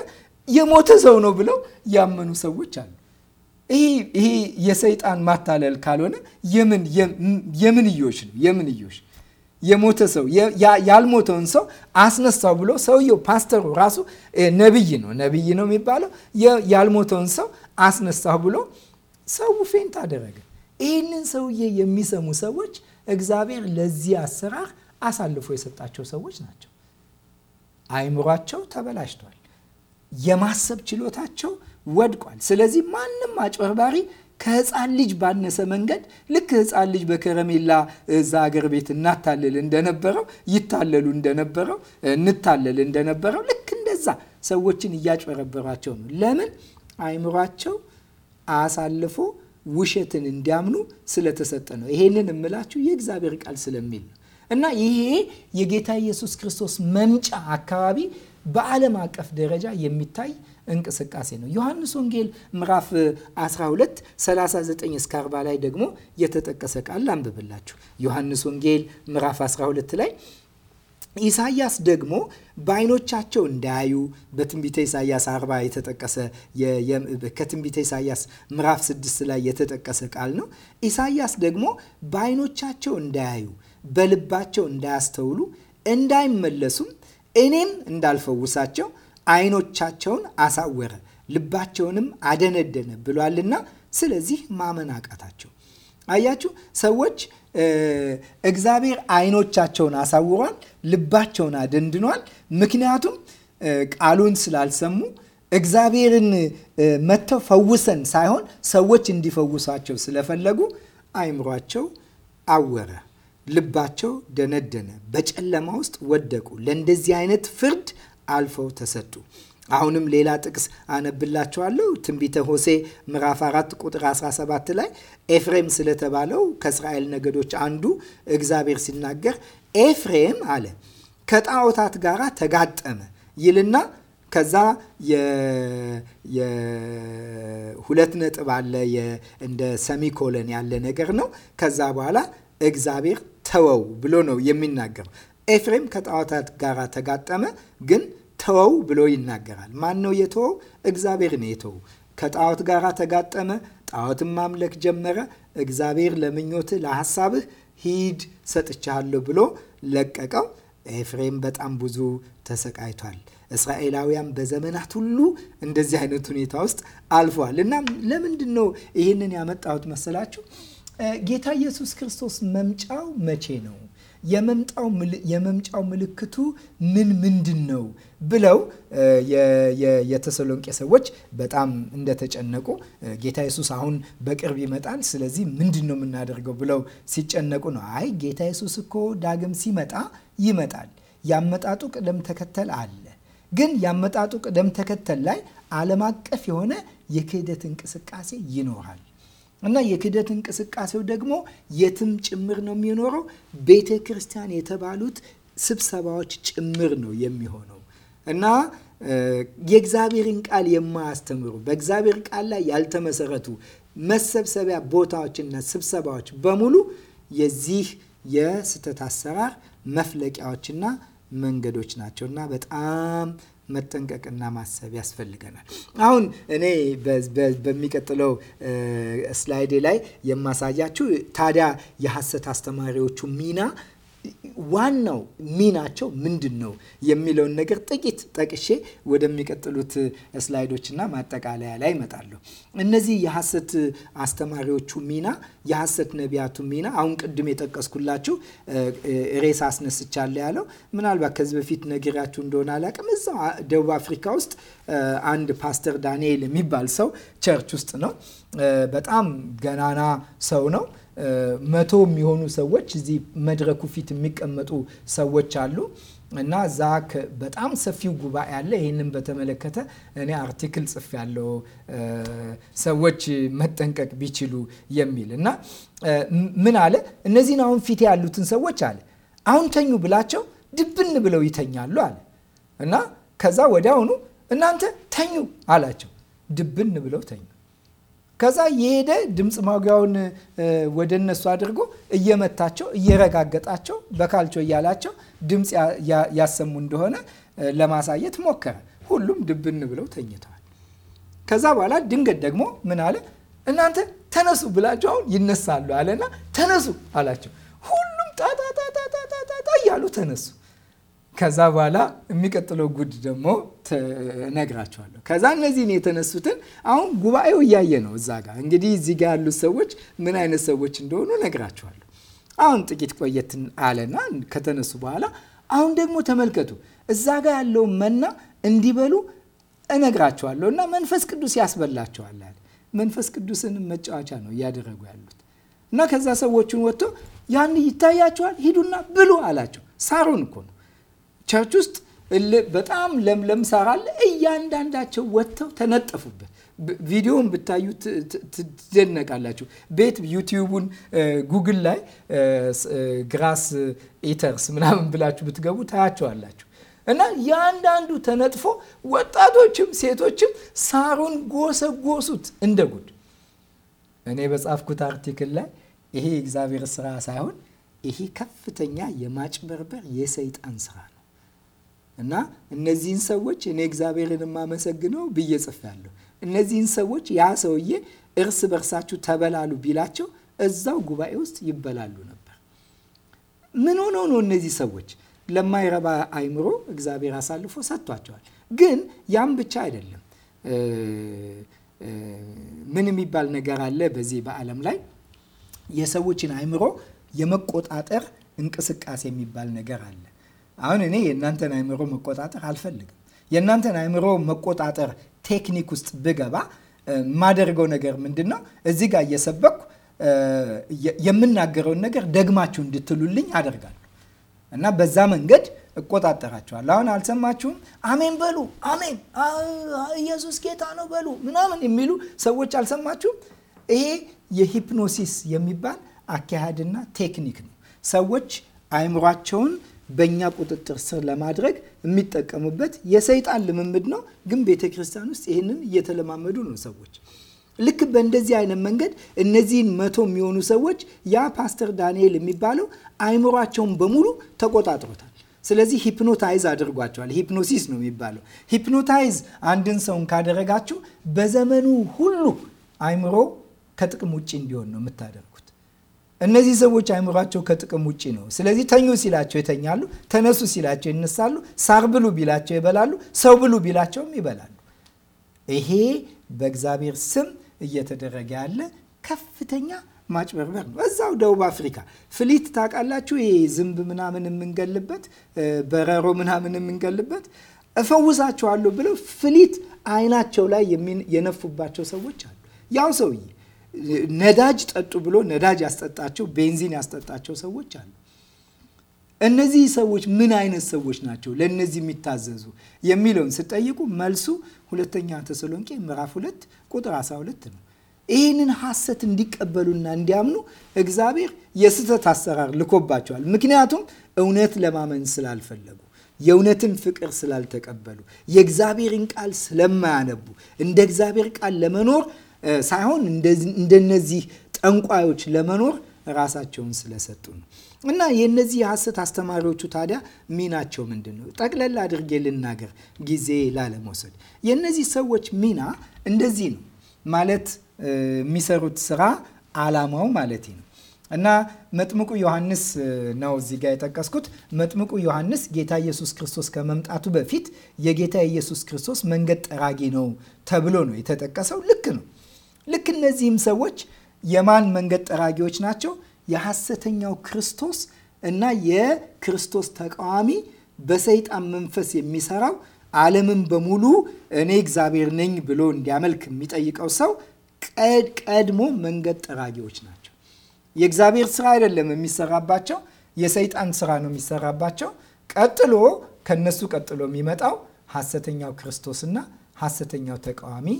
የሞተ ሰው ነው ብለው ያመኑ ሰዎች አሉ። ይሄ የሰይጣን ማታለል ካልሆነ የምንዮሽ ነው። የምንዮሽ የሞተ ሰው ያልሞተውን ሰው አስነሳው ብሎ ሰውየው ፓስተሩ ራሱ ነብይ ነው ነብይ ነው የሚባለው ያልሞተውን ሰው አስነሳው ብሎ ሰው ፌንት አደረገ። ይህንን ሰውዬ የሚሰሙ ሰዎች እግዚአብሔር ለዚህ አሰራር አሳልፎ የሰጣቸው ሰዎች ናቸው። አይምሯቸው ተበላሽቷል። የማሰብ ችሎታቸው ወድቋል። ስለዚህ ማንም አጭበርባሪ ከህፃን ልጅ ባነሰ መንገድ ልክ ህፃን ልጅ በከረሜላ እዛ ሀገር ቤት እናታልል እንደነበረው ይታለሉ እንደነበረው እንታለል እንደነበረው ልክ እንደዛ ሰዎችን እያጭበረበሯቸው ነው። ለምን አይምሯቸው አሳልፎ ውሸትን እንዲያምኑ ስለተሰጠ ነው። ይሄንን እምላችሁ የእግዚአብሔር ቃል ስለሚል ነው እና ይሄ የጌታ ኢየሱስ ክርስቶስ መምጫ አካባቢ በዓለም አቀፍ ደረጃ የሚታይ እንቅስቃሴ ነው። ዮሐንስ ወንጌል ምዕራፍ 12 39 እስከ 40 ላይ ደግሞ የተጠቀሰ ቃል አንብብላችሁ ዮሐንስ ወንጌል ምዕራፍ 12 ላይ ኢሳያስ ደግሞ በአይኖቻቸው እንዳያዩ በትንቢተ ኢሳያስ አርባ የተጠቀሰ ከትንቢተ ኢሳያስ ምዕራፍ ስድስት ላይ የተጠቀሰ ቃል ነው። ኢሳያስ ደግሞ በአይኖቻቸው እንዳያዩ በልባቸው እንዳያስተውሉ እንዳይመለሱም እኔም እንዳልፈውሳቸው አይኖቻቸውን አሳወረ ልባቸውንም አደነደነ ብሏልና ስለዚህ ማመን አቃታቸው። አያችሁ ሰዎች እግዚአብሔር አይኖቻቸውን አሳውሯል፣ ልባቸውን አደንድኗል። ምክንያቱም ቃሉን ስላልሰሙ እግዚአብሔርን መጥተው ፈውሰን ሳይሆን ሰዎች እንዲፈውሳቸው ስለፈለጉ አይምሯቸው አወረ፣ ልባቸው ደነደነ፣ በጨለማ ውስጥ ወደቁ። ለእንደዚህ አይነት ፍርድ አልፈው ተሰጡ። አሁንም ሌላ ጥቅስ አነብላችኋለሁ። ትንቢተ ሆሴ ምዕራፍ 4 ቁጥር 17 ላይ ኤፍሬም ስለተባለው ከእስራኤል ነገዶች አንዱ እግዚአብሔር ሲናገር ኤፍሬም አለ ከጣዖታት ጋር ተጋጠመ ይልና ከዛ የሁለት ነጥብ አለ እንደ ሰሚኮለን ያለ ነገር ነው። ከዛ በኋላ እግዚአብሔር ተወው ብሎ ነው የሚናገረው። ኤፍሬም ከጣዖታት ጋር ተጋጠመ ግን ተወው ብሎ ይናገራል። ማን ነው የተወው? እግዚአብሔር ነው የተወው። ከጣዖት ጋር ተጋጠመ፣ ጣዖትን ማምለክ ጀመረ። እግዚአብሔር ለምኞትህ ለሐሳብህ ሂድ ሰጥቻለሁ ብሎ ለቀቀው። ኤፍሬም በጣም ብዙ ተሰቃይቷል። እስራኤላውያን በዘመናት ሁሉ እንደዚህ አይነት ሁኔታ ውስጥ አልፈዋል። እና ለምንድን ነው ይህንን ያመጣሁት መሰላችሁ? ጌታ ኢየሱስ ክርስቶስ መምጫው መቼ ነው የመምጫው ምልክቱ ምን ምንድን ነው ብለው የተሰሎንቄ ሰዎች በጣም እንደተጨነቁ ጌታ የሱስ አሁን በቅርብ ይመጣል፣ ስለዚህ ምንድን ነው የምናደርገው ብለው ሲጨነቁ ነው። አይ ጌታ የሱስ እኮ ዳግም ሲመጣ ይመጣል። ያመጣጡ ቅደም ተከተል አለ። ግን ያመጣጡ ቅደም ተከተል ላይ ዓለም አቀፍ የሆነ የክህደት እንቅስቃሴ ይኖራል። እና የክደት እንቅስቃሴው ደግሞ የትም ጭምር ነው የሚኖረው። ቤተ ክርስቲያን የተባሉት ስብሰባዎች ጭምር ነው የሚሆነው እና የእግዚአብሔርን ቃል የማያስተምሩ በእግዚአብሔር ቃል ላይ ያልተመሰረቱ መሰብሰቢያ ቦታዎችና ስብሰባዎች በሙሉ የዚህ የስህተት አሰራር መፍለቂያዎችና መንገዶች ናቸው እና በጣም መጠንቀቅና ማሰብ ያስፈልገናል። አሁን እኔ በሚቀጥለው ስላይዴ ላይ የማሳያችሁ ታዲያ የሐሰት አስተማሪዎቹ ሚና ዋናው ሚናቸው ምንድን ነው የሚለውን ነገር ጥቂት ጠቅሼ ወደሚቀጥሉት ስላይዶችና ማጠቃለያ ላይ ይመጣለሁ እነዚህ የሐሰት አስተማሪዎቹ ሚና፣ የሐሰት ነቢያቱ ሚና አሁን ቅድም የጠቀስኩላችሁ ሬሳ አስነስቻለሁ ያለው ምናልባት ከዚህ በፊት ነግሬያችሁ እንደሆነ አላቅም። እዛ ደቡብ አፍሪካ ውስጥ አንድ ፓስተር ዳንኤል የሚባል ሰው ቸርች ውስጥ ነው። በጣም ገናና ሰው ነው። መቶ የሚሆኑ ሰዎች እዚህ መድረኩ ፊት የሚቀመጡ ሰዎች አሉ እና እዛ በጣም ሰፊው ጉባኤ አለ። ይህንን በተመለከተ እኔ አርቲክል ጽፍ ያለው ሰዎች መጠንቀቅ ቢችሉ የሚል እና ምን አለ እነዚህን አሁን ፊት ያሉትን ሰዎች አለ አሁን ተኙ ብላቸው ድብን ብለው ይተኛሉ አለ እና ከዛ ወዲያውኑ እናንተ ተኙ አላቸው። ድብን ብለው ተኙ። ከዛ የሄደ ድምፅ ማጉያውን ወደ እነሱ አድርጎ እየመታቸው እየረጋገጣቸው በካልቾ እያላቸው ድምፅ ያሰሙ እንደሆነ ለማሳየት ሞከረ። ሁሉም ድብን ብለው ተኝተዋል። ከዛ በኋላ ድንገት ደግሞ ምን አለ? እናንተ ተነሱ ብላቸው አሁን ይነሳሉ አለና ተነሱ አላቸው። ሁሉም ጣጣጣጣጣጣ እያሉ ተነሱ። ከዛ በኋላ የሚቀጥለው ጉድ ደግሞ ነግራቸዋለሁ። ከዛ እነዚህን የተነሱትን አሁን ጉባኤው እያየ ነው እዛ ጋር እንግዲህ እዚህ ጋር ያሉት ሰዎች ምን አይነት ሰዎች እንደሆኑ ነግራቸዋለሁ። አሁን ጥቂት ቆየትን አለና ከተነሱ በኋላ አሁን ደግሞ ተመልከቱ እዛ ጋር ያለውን መና እንዲበሉ እነግራቸዋለሁ እና መንፈስ ቅዱስ ያስበላቸዋል። መንፈስ ቅዱስን መጫወቻ ነው እያደረጉ ያሉት እና ከዛ ሰዎቹን ወጥቶ ያን ይታያቸዋል፣ ሂዱና ብሉ አላቸው። ሳሩን እኮ ነው ቸርች ውስጥ በጣም ለምለም ሳር አለ። እያንዳንዳቸው ወጥተው ተነጠፉበት። ቪዲዮውን ብታዩ ትደነቃላችሁ። ቤት ዩቲዩቡን ጉግል ላይ ግራስ ኢተርስ ምናምን ብላችሁ ብትገቡ ታያቸዋላችሁ። እና ያንዳንዱ ተነጥፎ ወጣቶችም ሴቶችም ሳሩን ጎሰጎሱት እንደ ጉድ። እኔ በጻፍኩት አርቲክል ላይ ይሄ የእግዚአብሔር ስራ ሳይሆን ይሄ ከፍተኛ የማጭበርበር የሰይጣን ስራ ነው። እና እነዚህን ሰዎች እኔ እግዚአብሔርን የማመሰግነው ብዬ ጽፌያለሁ። እነዚህን ሰዎች ያ ሰውዬ እርስ በርሳችሁ ተበላሉ ቢላቸው እዛው ጉባኤ ውስጥ ይበላሉ ነበር። ምን ሆነው ነው እነዚህ ሰዎች ለማይረባ አይምሮ እግዚአብሔር አሳልፎ ሰጥቷቸዋል። ግን ያም ብቻ አይደለም። ምን የሚባል ነገር አለ በዚህ በዓለም ላይ የሰዎችን አይምሮ የመቆጣጠር እንቅስቃሴ የሚባል ነገር አለ። አሁን እኔ የእናንተን አይምሮ መቆጣጠር አልፈልግም። የእናንተን አይምሮ መቆጣጠር ቴክኒክ ውስጥ ብገባ የማደርገው ነገር ምንድን ነው? እዚህ ጋር እየሰበኩ የምናገረውን ነገር ደግማችሁ እንድትሉልኝ አደርጋል እና በዛ መንገድ እቆጣጠራቸዋለሁ። አሁን አልሰማችሁም? አሜን በሉ አሜን፣ ኢየሱስ ጌታ ነው በሉ ምናምን የሚሉ ሰዎች አልሰማችሁም? ይሄ የሂፕኖሲስ የሚባል አካሄድና ቴክኒክ ነው። ሰዎች አይምሯቸውን በእኛ ቁጥጥር ስር ለማድረግ የሚጠቀሙበት የሰይጣን ልምምድ ነው። ግን ቤተ ክርስቲያን ውስጥ ይህንን እየተለማመዱ ነው ሰዎች። ልክ በእንደዚህ አይነት መንገድ እነዚህን መቶ የሚሆኑ ሰዎች ያ ፓስተር ዳንኤል የሚባለው አይምሯቸውን በሙሉ ተቆጣጥሮታል። ስለዚህ ሂፕኖታይዝ አድርጓቸዋል። ሂፕኖሲስ ነው የሚባለው። ሂፕኖታይዝ አንድን ሰውን ካደረጋችሁ በዘመኑ ሁሉ አይምሮ ከጥቅም ውጭ እንዲሆን ነው የምታደርጉ እነዚህ ሰዎች አይምሯቸው ከጥቅም ውጭ ነው። ስለዚህ ተኙ ሲላቸው ይተኛሉ፣ ተነሱ ሲላቸው ይነሳሉ፣ ሳር ብሉ ቢላቸው ይበላሉ፣ ሰው ብሉ ቢላቸውም ይበላሉ። ይሄ በእግዚአብሔር ስም እየተደረገ ያለ ከፍተኛ ማጭበርበር ነው። እዛው ደቡብ አፍሪካ ፍሊት ታውቃላችሁ? ይሄ ዝንብ ምናምን የምንገልበት በረሮ ምናምን የምንገልበት እፈውሳቸዋለሁ ብለው ፍሊት አይናቸው ላይ የነፉባቸው ሰዎች አሉ። ያው ሰውዬ ነዳጅ ጠጡ ብሎ ነዳጅ ያስጠጣቸው፣ ቤንዚን ያስጠጣቸው ሰዎች አሉ። እነዚህ ሰዎች ምን አይነት ሰዎች ናቸው ለእነዚህ የሚታዘዙ የሚለውን ስጠይቁ መልሱ ሁለተኛ ተሰሎንቄ ምዕራፍ 2 ቁጥር 12 ነው። ይህንን ሐሰት እንዲቀበሉና እንዲያምኑ እግዚአብሔር የስህተት አሰራር ልኮባቸዋል። ምክንያቱም እውነት ለማመን ስላልፈለጉ፣ የእውነትን ፍቅር ስላልተቀበሉ፣ የእግዚአብሔርን ቃል ስለማያነቡ፣ እንደ እግዚአብሔር ቃል ለመኖር ሳይሆን እንደነዚህ ጠንቋዮች ለመኖር ራሳቸውን ስለሰጡ ነው። እና የነዚህ የሐሰት አስተማሪዎቹ ታዲያ ሚናቸው ምንድን ነው? ጠቅለል አድርጌ ልናገር ጊዜ ላለመውሰድ። የነዚህ ሰዎች ሚና እንደዚህ ነው ማለት የሚሰሩት ስራ አላማው ማለት ነው። እና መጥምቁ ዮሐንስ ነው እዚህ ጋር የጠቀስኩት። መጥምቁ ዮሐንስ ጌታ ኢየሱስ ክርስቶስ ከመምጣቱ በፊት የጌታ ኢየሱስ ክርስቶስ መንገድ ጠራጊ ነው ተብሎ ነው የተጠቀሰው። ልክ ነው። ልክ እነዚህም ሰዎች የማን መንገድ ጠራጊዎች ናቸው? የሐሰተኛው ክርስቶስ እና የክርስቶስ ተቃዋሚ በሰይጣን መንፈስ የሚሰራው ዓለምን በሙሉ እኔ እግዚአብሔር ነኝ ብሎ እንዲያመልክ የሚጠይቀው ሰው ቀድሞ መንገድ ጠራጊዎች ናቸው። የእግዚአብሔር ስራ አይደለም የሚሰራባቸው፣ የሰይጣን ስራ ነው የሚሰራባቸው። ቀጥሎ ከነሱ ቀጥሎ የሚመጣው ሐሰተኛው ክርስቶስና ሐሰተኛው ተቃዋሚ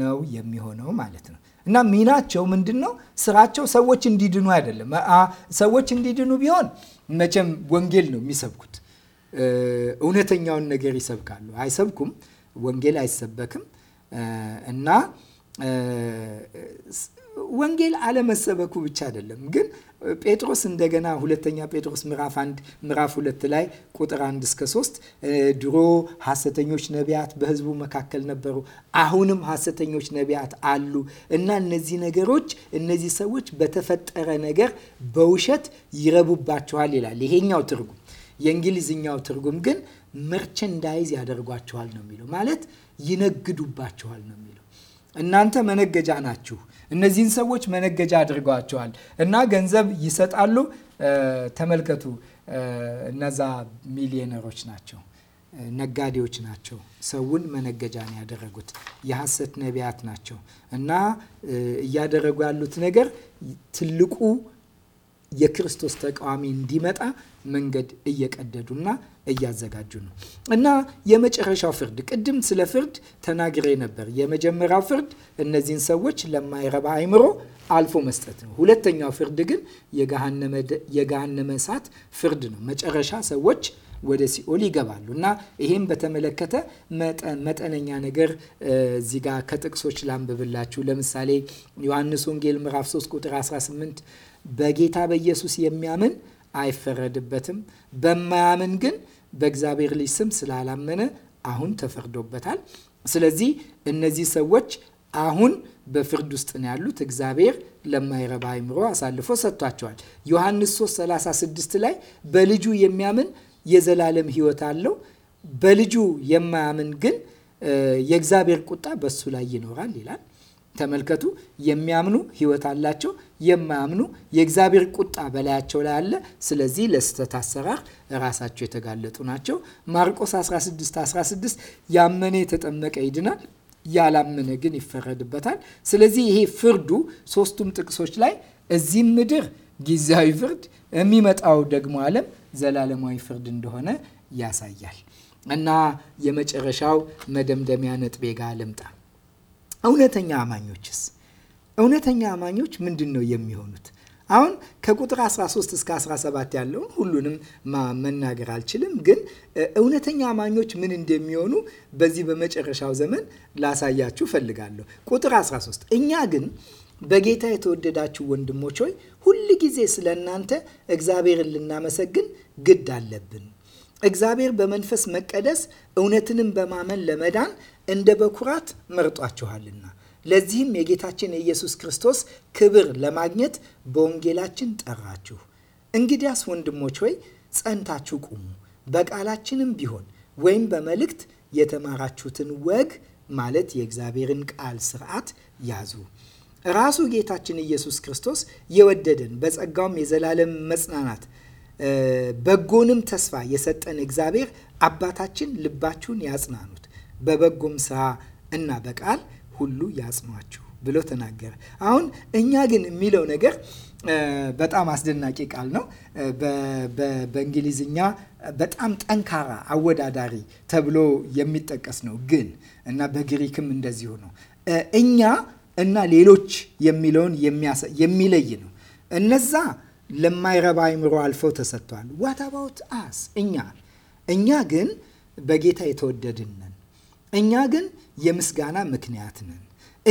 ነው የሚሆነው ማለት ነው። እና ሚናቸው ምንድን ነው? ስራቸው ሰዎች እንዲድኑ አይደለም። ሰዎች እንዲድኑ ቢሆን መቼም ወንጌል ነው የሚሰብኩት። እውነተኛውን ነገር ይሰብካሉ። አይሰብኩም፣ ወንጌል አይሰበክም እና ወንጌል አለመሰበኩ ብቻ አይደለም ግን ጴጥሮስ እንደገና ሁለተኛ ጴጥሮስ ምዕራፍ አንድ ምዕራፍ ሁለት ላይ ቁጥር አንድ እስከ ሶስት ድሮ ሐሰተኞች ነቢያት በህዝቡ መካከል ነበሩ፣ አሁንም ሐሰተኞች ነቢያት አሉ እና እነዚህ ነገሮች እነዚህ ሰዎች በተፈጠረ ነገር በውሸት ይረቡባቸዋል ይላል። ይሄኛው ትርጉም የእንግሊዝኛው ትርጉም ግን መርቸንዳይዝ ያደርጓቸዋል ነው የሚለው ማለት ይነግዱባቸዋል ነው የሚለው እናንተ መነገጃ ናችሁ እነዚህን ሰዎች መነገጃ አድርገዋቸዋል እና ገንዘብ ይሰጣሉ። ተመልከቱ፣ እነዛ ሚሊዮነሮች ናቸው፣ ነጋዴዎች ናቸው። ሰውን መነገጃ ነው ያደረጉት። የሐሰት ነቢያት ናቸው እና እያደረጉ ያሉት ነገር ትልቁ የክርስቶስ ተቃዋሚ እንዲመጣ መንገድ እየቀደዱና እያዘጋጁ ነው። እና የመጨረሻው ፍርድ ቅድም ስለ ፍርድ ተናግሬ ነበር። የመጀመሪያው ፍርድ እነዚህን ሰዎች ለማይረባ አይምሮ አልፎ መስጠት ነው። ሁለተኛው ፍርድ ግን የገሃነመ እሳት ፍርድ ነው። መጨረሻ ሰዎች ወደ ሲኦል ይገባሉ እና ይሄም በተመለከተ መጠነኛ ነገር እዚህ ጋር ከጥቅሶች ላንብብላችሁ። ለምሳሌ ዮሐንስ ወንጌል ምዕራፍ 3 ቁጥር 18 በጌታ በኢየሱስ የሚያምን አይፈረድበትም። በማያምን ግን በእግዚአብሔር ልጅ ስም ስላላመነ አሁን ተፈርዶበታል። ስለዚህ እነዚህ ሰዎች አሁን በፍርድ ውስጥ ነው ያሉት። እግዚአብሔር ለማይረባ አይምሮ አሳልፎ ሰጥቷቸዋል። ዮሐንስ 3 ላይ በልጁ የሚያምን የዘላለም ሕይወት አለው፣ በልጁ የማያምን ግን የእግዚአብሔር ቁጣ በሱ ላይ ይኖራል ይላል። ተመልከቱ፣ የሚያምኑ ህይወት አላቸው፣ የማያምኑ የእግዚአብሔር ቁጣ በላያቸው ላይ አለ። ስለዚህ ለስህተት አሰራር ራሳቸው የተጋለጡ ናቸው። ማርቆስ 16 16 ያመነ የተጠመቀ ይድናል፣ ያላመነ ግን ይፈረድበታል። ስለዚህ ይሄ ፍርዱ ሶስቱም ጥቅሶች ላይ እዚህም ምድር ጊዜያዊ ፍርድ የሚመጣው ደግሞ ዓለም ዘላለማዊ ፍርድ እንደሆነ ያሳያል። እና የመጨረሻው መደምደሚያ ነጥቤ ጋር ልምጣ። እውነተኛ አማኞችስ? እውነተኛ አማኞች ምንድን ነው የሚሆኑት? አሁን ከቁጥር 13 እስከ 17 ያለውን ሁሉንም መናገር አልችልም፣ ግን እውነተኛ አማኞች ምን እንደሚሆኑ በዚህ በመጨረሻው ዘመን ላሳያችሁ ፈልጋለሁ። ቁጥር 13 እኛ ግን በጌታ የተወደዳችሁ ወንድሞች ሆይ ሁል ጊዜ ስለ እናንተ እግዚአብሔርን ልናመሰግን ግድ አለብን። እግዚአብሔር በመንፈስ መቀደስ እውነትንም በማመን ለመዳን እንደ በኩራት መርጧችኋልና ለዚህም የጌታችን የኢየሱስ ክርስቶስ ክብር ለማግኘት በወንጌላችን ጠራችሁ። እንግዲያስ ወንድሞች ሆይ ጸንታችሁ ቁሙ። በቃላችንም ቢሆን ወይም በመልእክት የተማራችሁትን ወግ ማለት የእግዚአብሔርን ቃል ስርዓት ያዙ። ራሱ ጌታችን ኢየሱስ ክርስቶስ የወደደን በጸጋውም የዘላለም መጽናናት በጎንም ተስፋ የሰጠን እግዚአብሔር አባታችን ልባችሁን ያጽናኑት በበጎም ስራ እና በቃል ሁሉ ያጽኗችሁ ብሎ ተናገረ። አሁን እኛ ግን የሚለው ነገር በጣም አስደናቂ ቃል ነው። በእንግሊዝኛ በጣም ጠንካራ አወዳዳሪ ተብሎ የሚጠቀስ ነው ግን እና በግሪክም እንደዚሁ ነው። እኛ እና ሌሎች የሚለውን የሚለይ ነው። እነዛ ለማይረባ አይምሮ አልፈው ተሰጥቷል። ዋት አባውት አስ እኛ እኛ ግን በጌታ የተወደድን እኛ ግን የምስጋና ምክንያት ነን።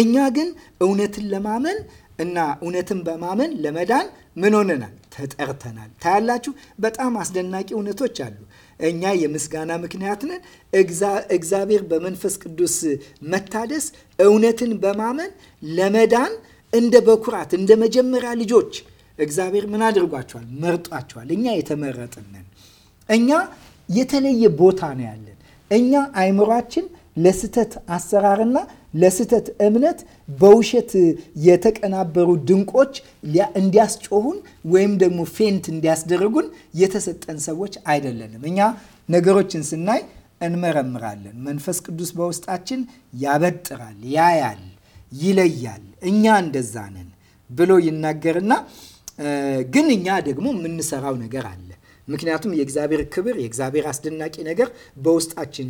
እኛ ግን እውነትን ለማመን እና እውነትን በማመን ለመዳን ምን ሆነናል? ተጠርተናል። ታያላችሁ፣ በጣም አስደናቂ እውነቶች አሉ። እኛ የምስጋና ምክንያት ነን። እግዚአብሔር በመንፈስ ቅዱስ መታደስ እውነትን በማመን ለመዳን እንደ በኩራት እንደ መጀመሪያ ልጆች እግዚአብሔር ምን አድርጓቸዋል? መርጧቸዋል። እኛ የተመረጥንን እኛ የተለየ ቦታ ነው ያለን። እኛ አይምሯችን ለስተት አሰራርና ለስተት እምነት በውሸት የተቀናበሩ ድንቆች እንዲያስጮሁን ወይም ደግሞ ፌንት እንዲያስደርጉን የተሰጠን ሰዎች አይደለንም። እኛ ነገሮችን ስናይ እንመረምራለን። መንፈስ ቅዱስ በውስጣችን ያበጥራል፣ ያያል፣ ይለያል። እኛ እንደዛ ነን ብሎ ይናገርና ግን እኛ ደግሞ የምንሰራው ነገር አለ ምክንያቱም የእግዚአብሔር ክብር የእግዚአብሔር አስደናቂ ነገር በውስጣችን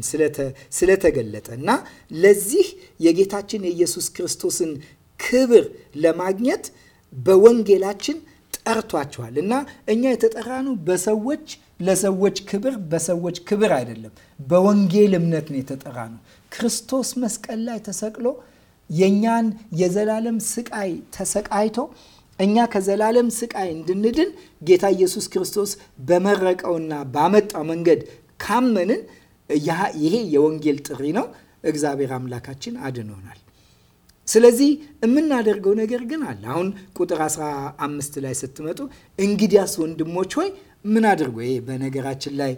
ስለተገለጠ እና ለዚህ የጌታችን የኢየሱስ ክርስቶስን ክብር ለማግኘት በወንጌላችን ጠርቷችኋል እና እኛ የተጠራነው በሰዎች ለሰዎች ክብር በሰዎች ክብር አይደለም፣ በወንጌል እምነት ነው የተጠራነው። ክርስቶስ መስቀል ላይ ተሰቅሎ የእኛን የዘላለም ስቃይ ተሰቃይቶ እኛ ከዘላለም ስቃይ እንድንድን ጌታ ኢየሱስ ክርስቶስ በመረቀውና ባመጣው መንገድ ካመንን ይሄ የወንጌል ጥሪ ነው። እግዚአብሔር አምላካችን አድኖናል። ስለዚህ የምናደርገው ነገር ግን አለ። አሁን ቁጥር 15 ላይ ስትመጡ እንግዲያስ ወንድሞች ሆይ ምን አድርጎ ይሄ በነገራችን ላይ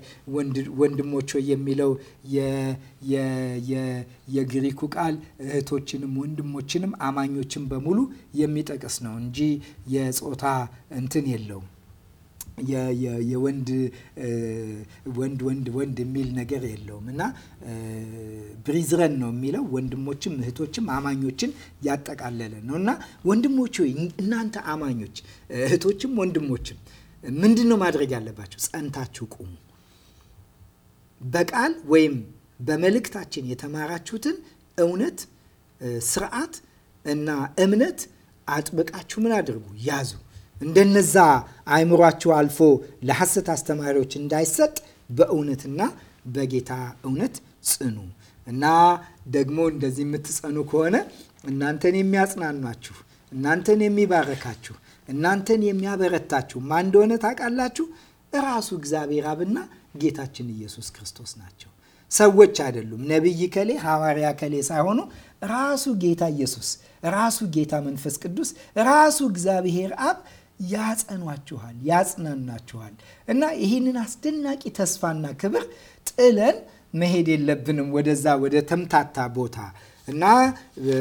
ወንድሞች የሚለው የግሪኩ ቃል እህቶችንም ወንድሞችንም አማኞችን በሙሉ የሚጠቅስ ነው እንጂ የጾታ እንትን የለውም። የወንድ ወንድ ወንድ ወንድ የሚል ነገር የለውም እና ብሪዝረን ነው የሚለው ወንድሞችም እህቶችም አማኞችን ያጠቃለለ ነው እና ወንድሞች እናንተ አማኞች እህቶችም ወንድሞችም ምንድን ነው ማድረግ ያለባቸው? ጸንታችሁ ቁሙ። በቃል ወይም በመልእክታችን የተማራችሁትን እውነት፣ ስርዓት እና እምነት አጥብቃችሁ ምን አድርጉ? ያዙ። እንደነዛ አይምሯችሁ አልፎ ለሐሰት አስተማሪዎች እንዳይሰጥ በእውነትና በጌታ እውነት ጽኑ እና ደግሞ እንደዚህ የምትጸኑ ከሆነ እናንተን የሚያጽናኗችሁ እናንተን የሚባረካችሁ እናንተን የሚያበረታችሁ ማን እንደሆነ ታውቃላችሁ? ራሱ እግዚአብሔር አብና ጌታችን ኢየሱስ ክርስቶስ ናቸው። ሰዎች አይደሉም። ነቢይ ከሌ ሐዋርያ ከሌ ሳይሆኑ ራሱ ጌታ ኢየሱስ፣ ራሱ ጌታ መንፈስ ቅዱስ፣ ራሱ እግዚአብሔር አብ ያጸኗችኋል፣ ያጽናናችኋል እና ይህንን አስደናቂ ተስፋና ክብር ጥለን መሄድ የለብንም ወደዛ ወደ ተምታታ ቦታ እና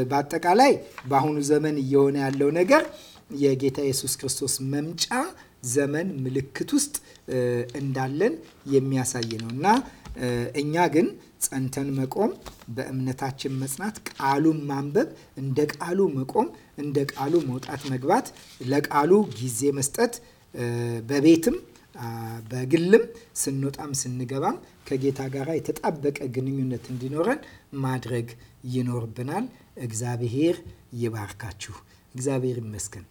በአጠቃላይ በአሁኑ ዘመን እየሆነ ያለው ነገር የጌታ ኢየሱስ ክርስቶስ መምጫ ዘመን ምልክት ውስጥ እንዳለን የሚያሳይ ነው እና እኛ ግን ጸንተን መቆም፣ በእምነታችን መጽናት፣ ቃሉን ማንበብ፣ እንደ ቃሉ መቆም፣ እንደ ቃሉ መውጣት መግባት፣ ለቃሉ ጊዜ መስጠት በቤትም በግልም ስንወጣም ስንገባም ከጌታ ጋር የተጣበቀ ግንኙነት እንዲኖረን ማድረግ ይኖርብናል። እግዚአብሔር ይባርካችሁ። እግዚአብሔር ይመስገን።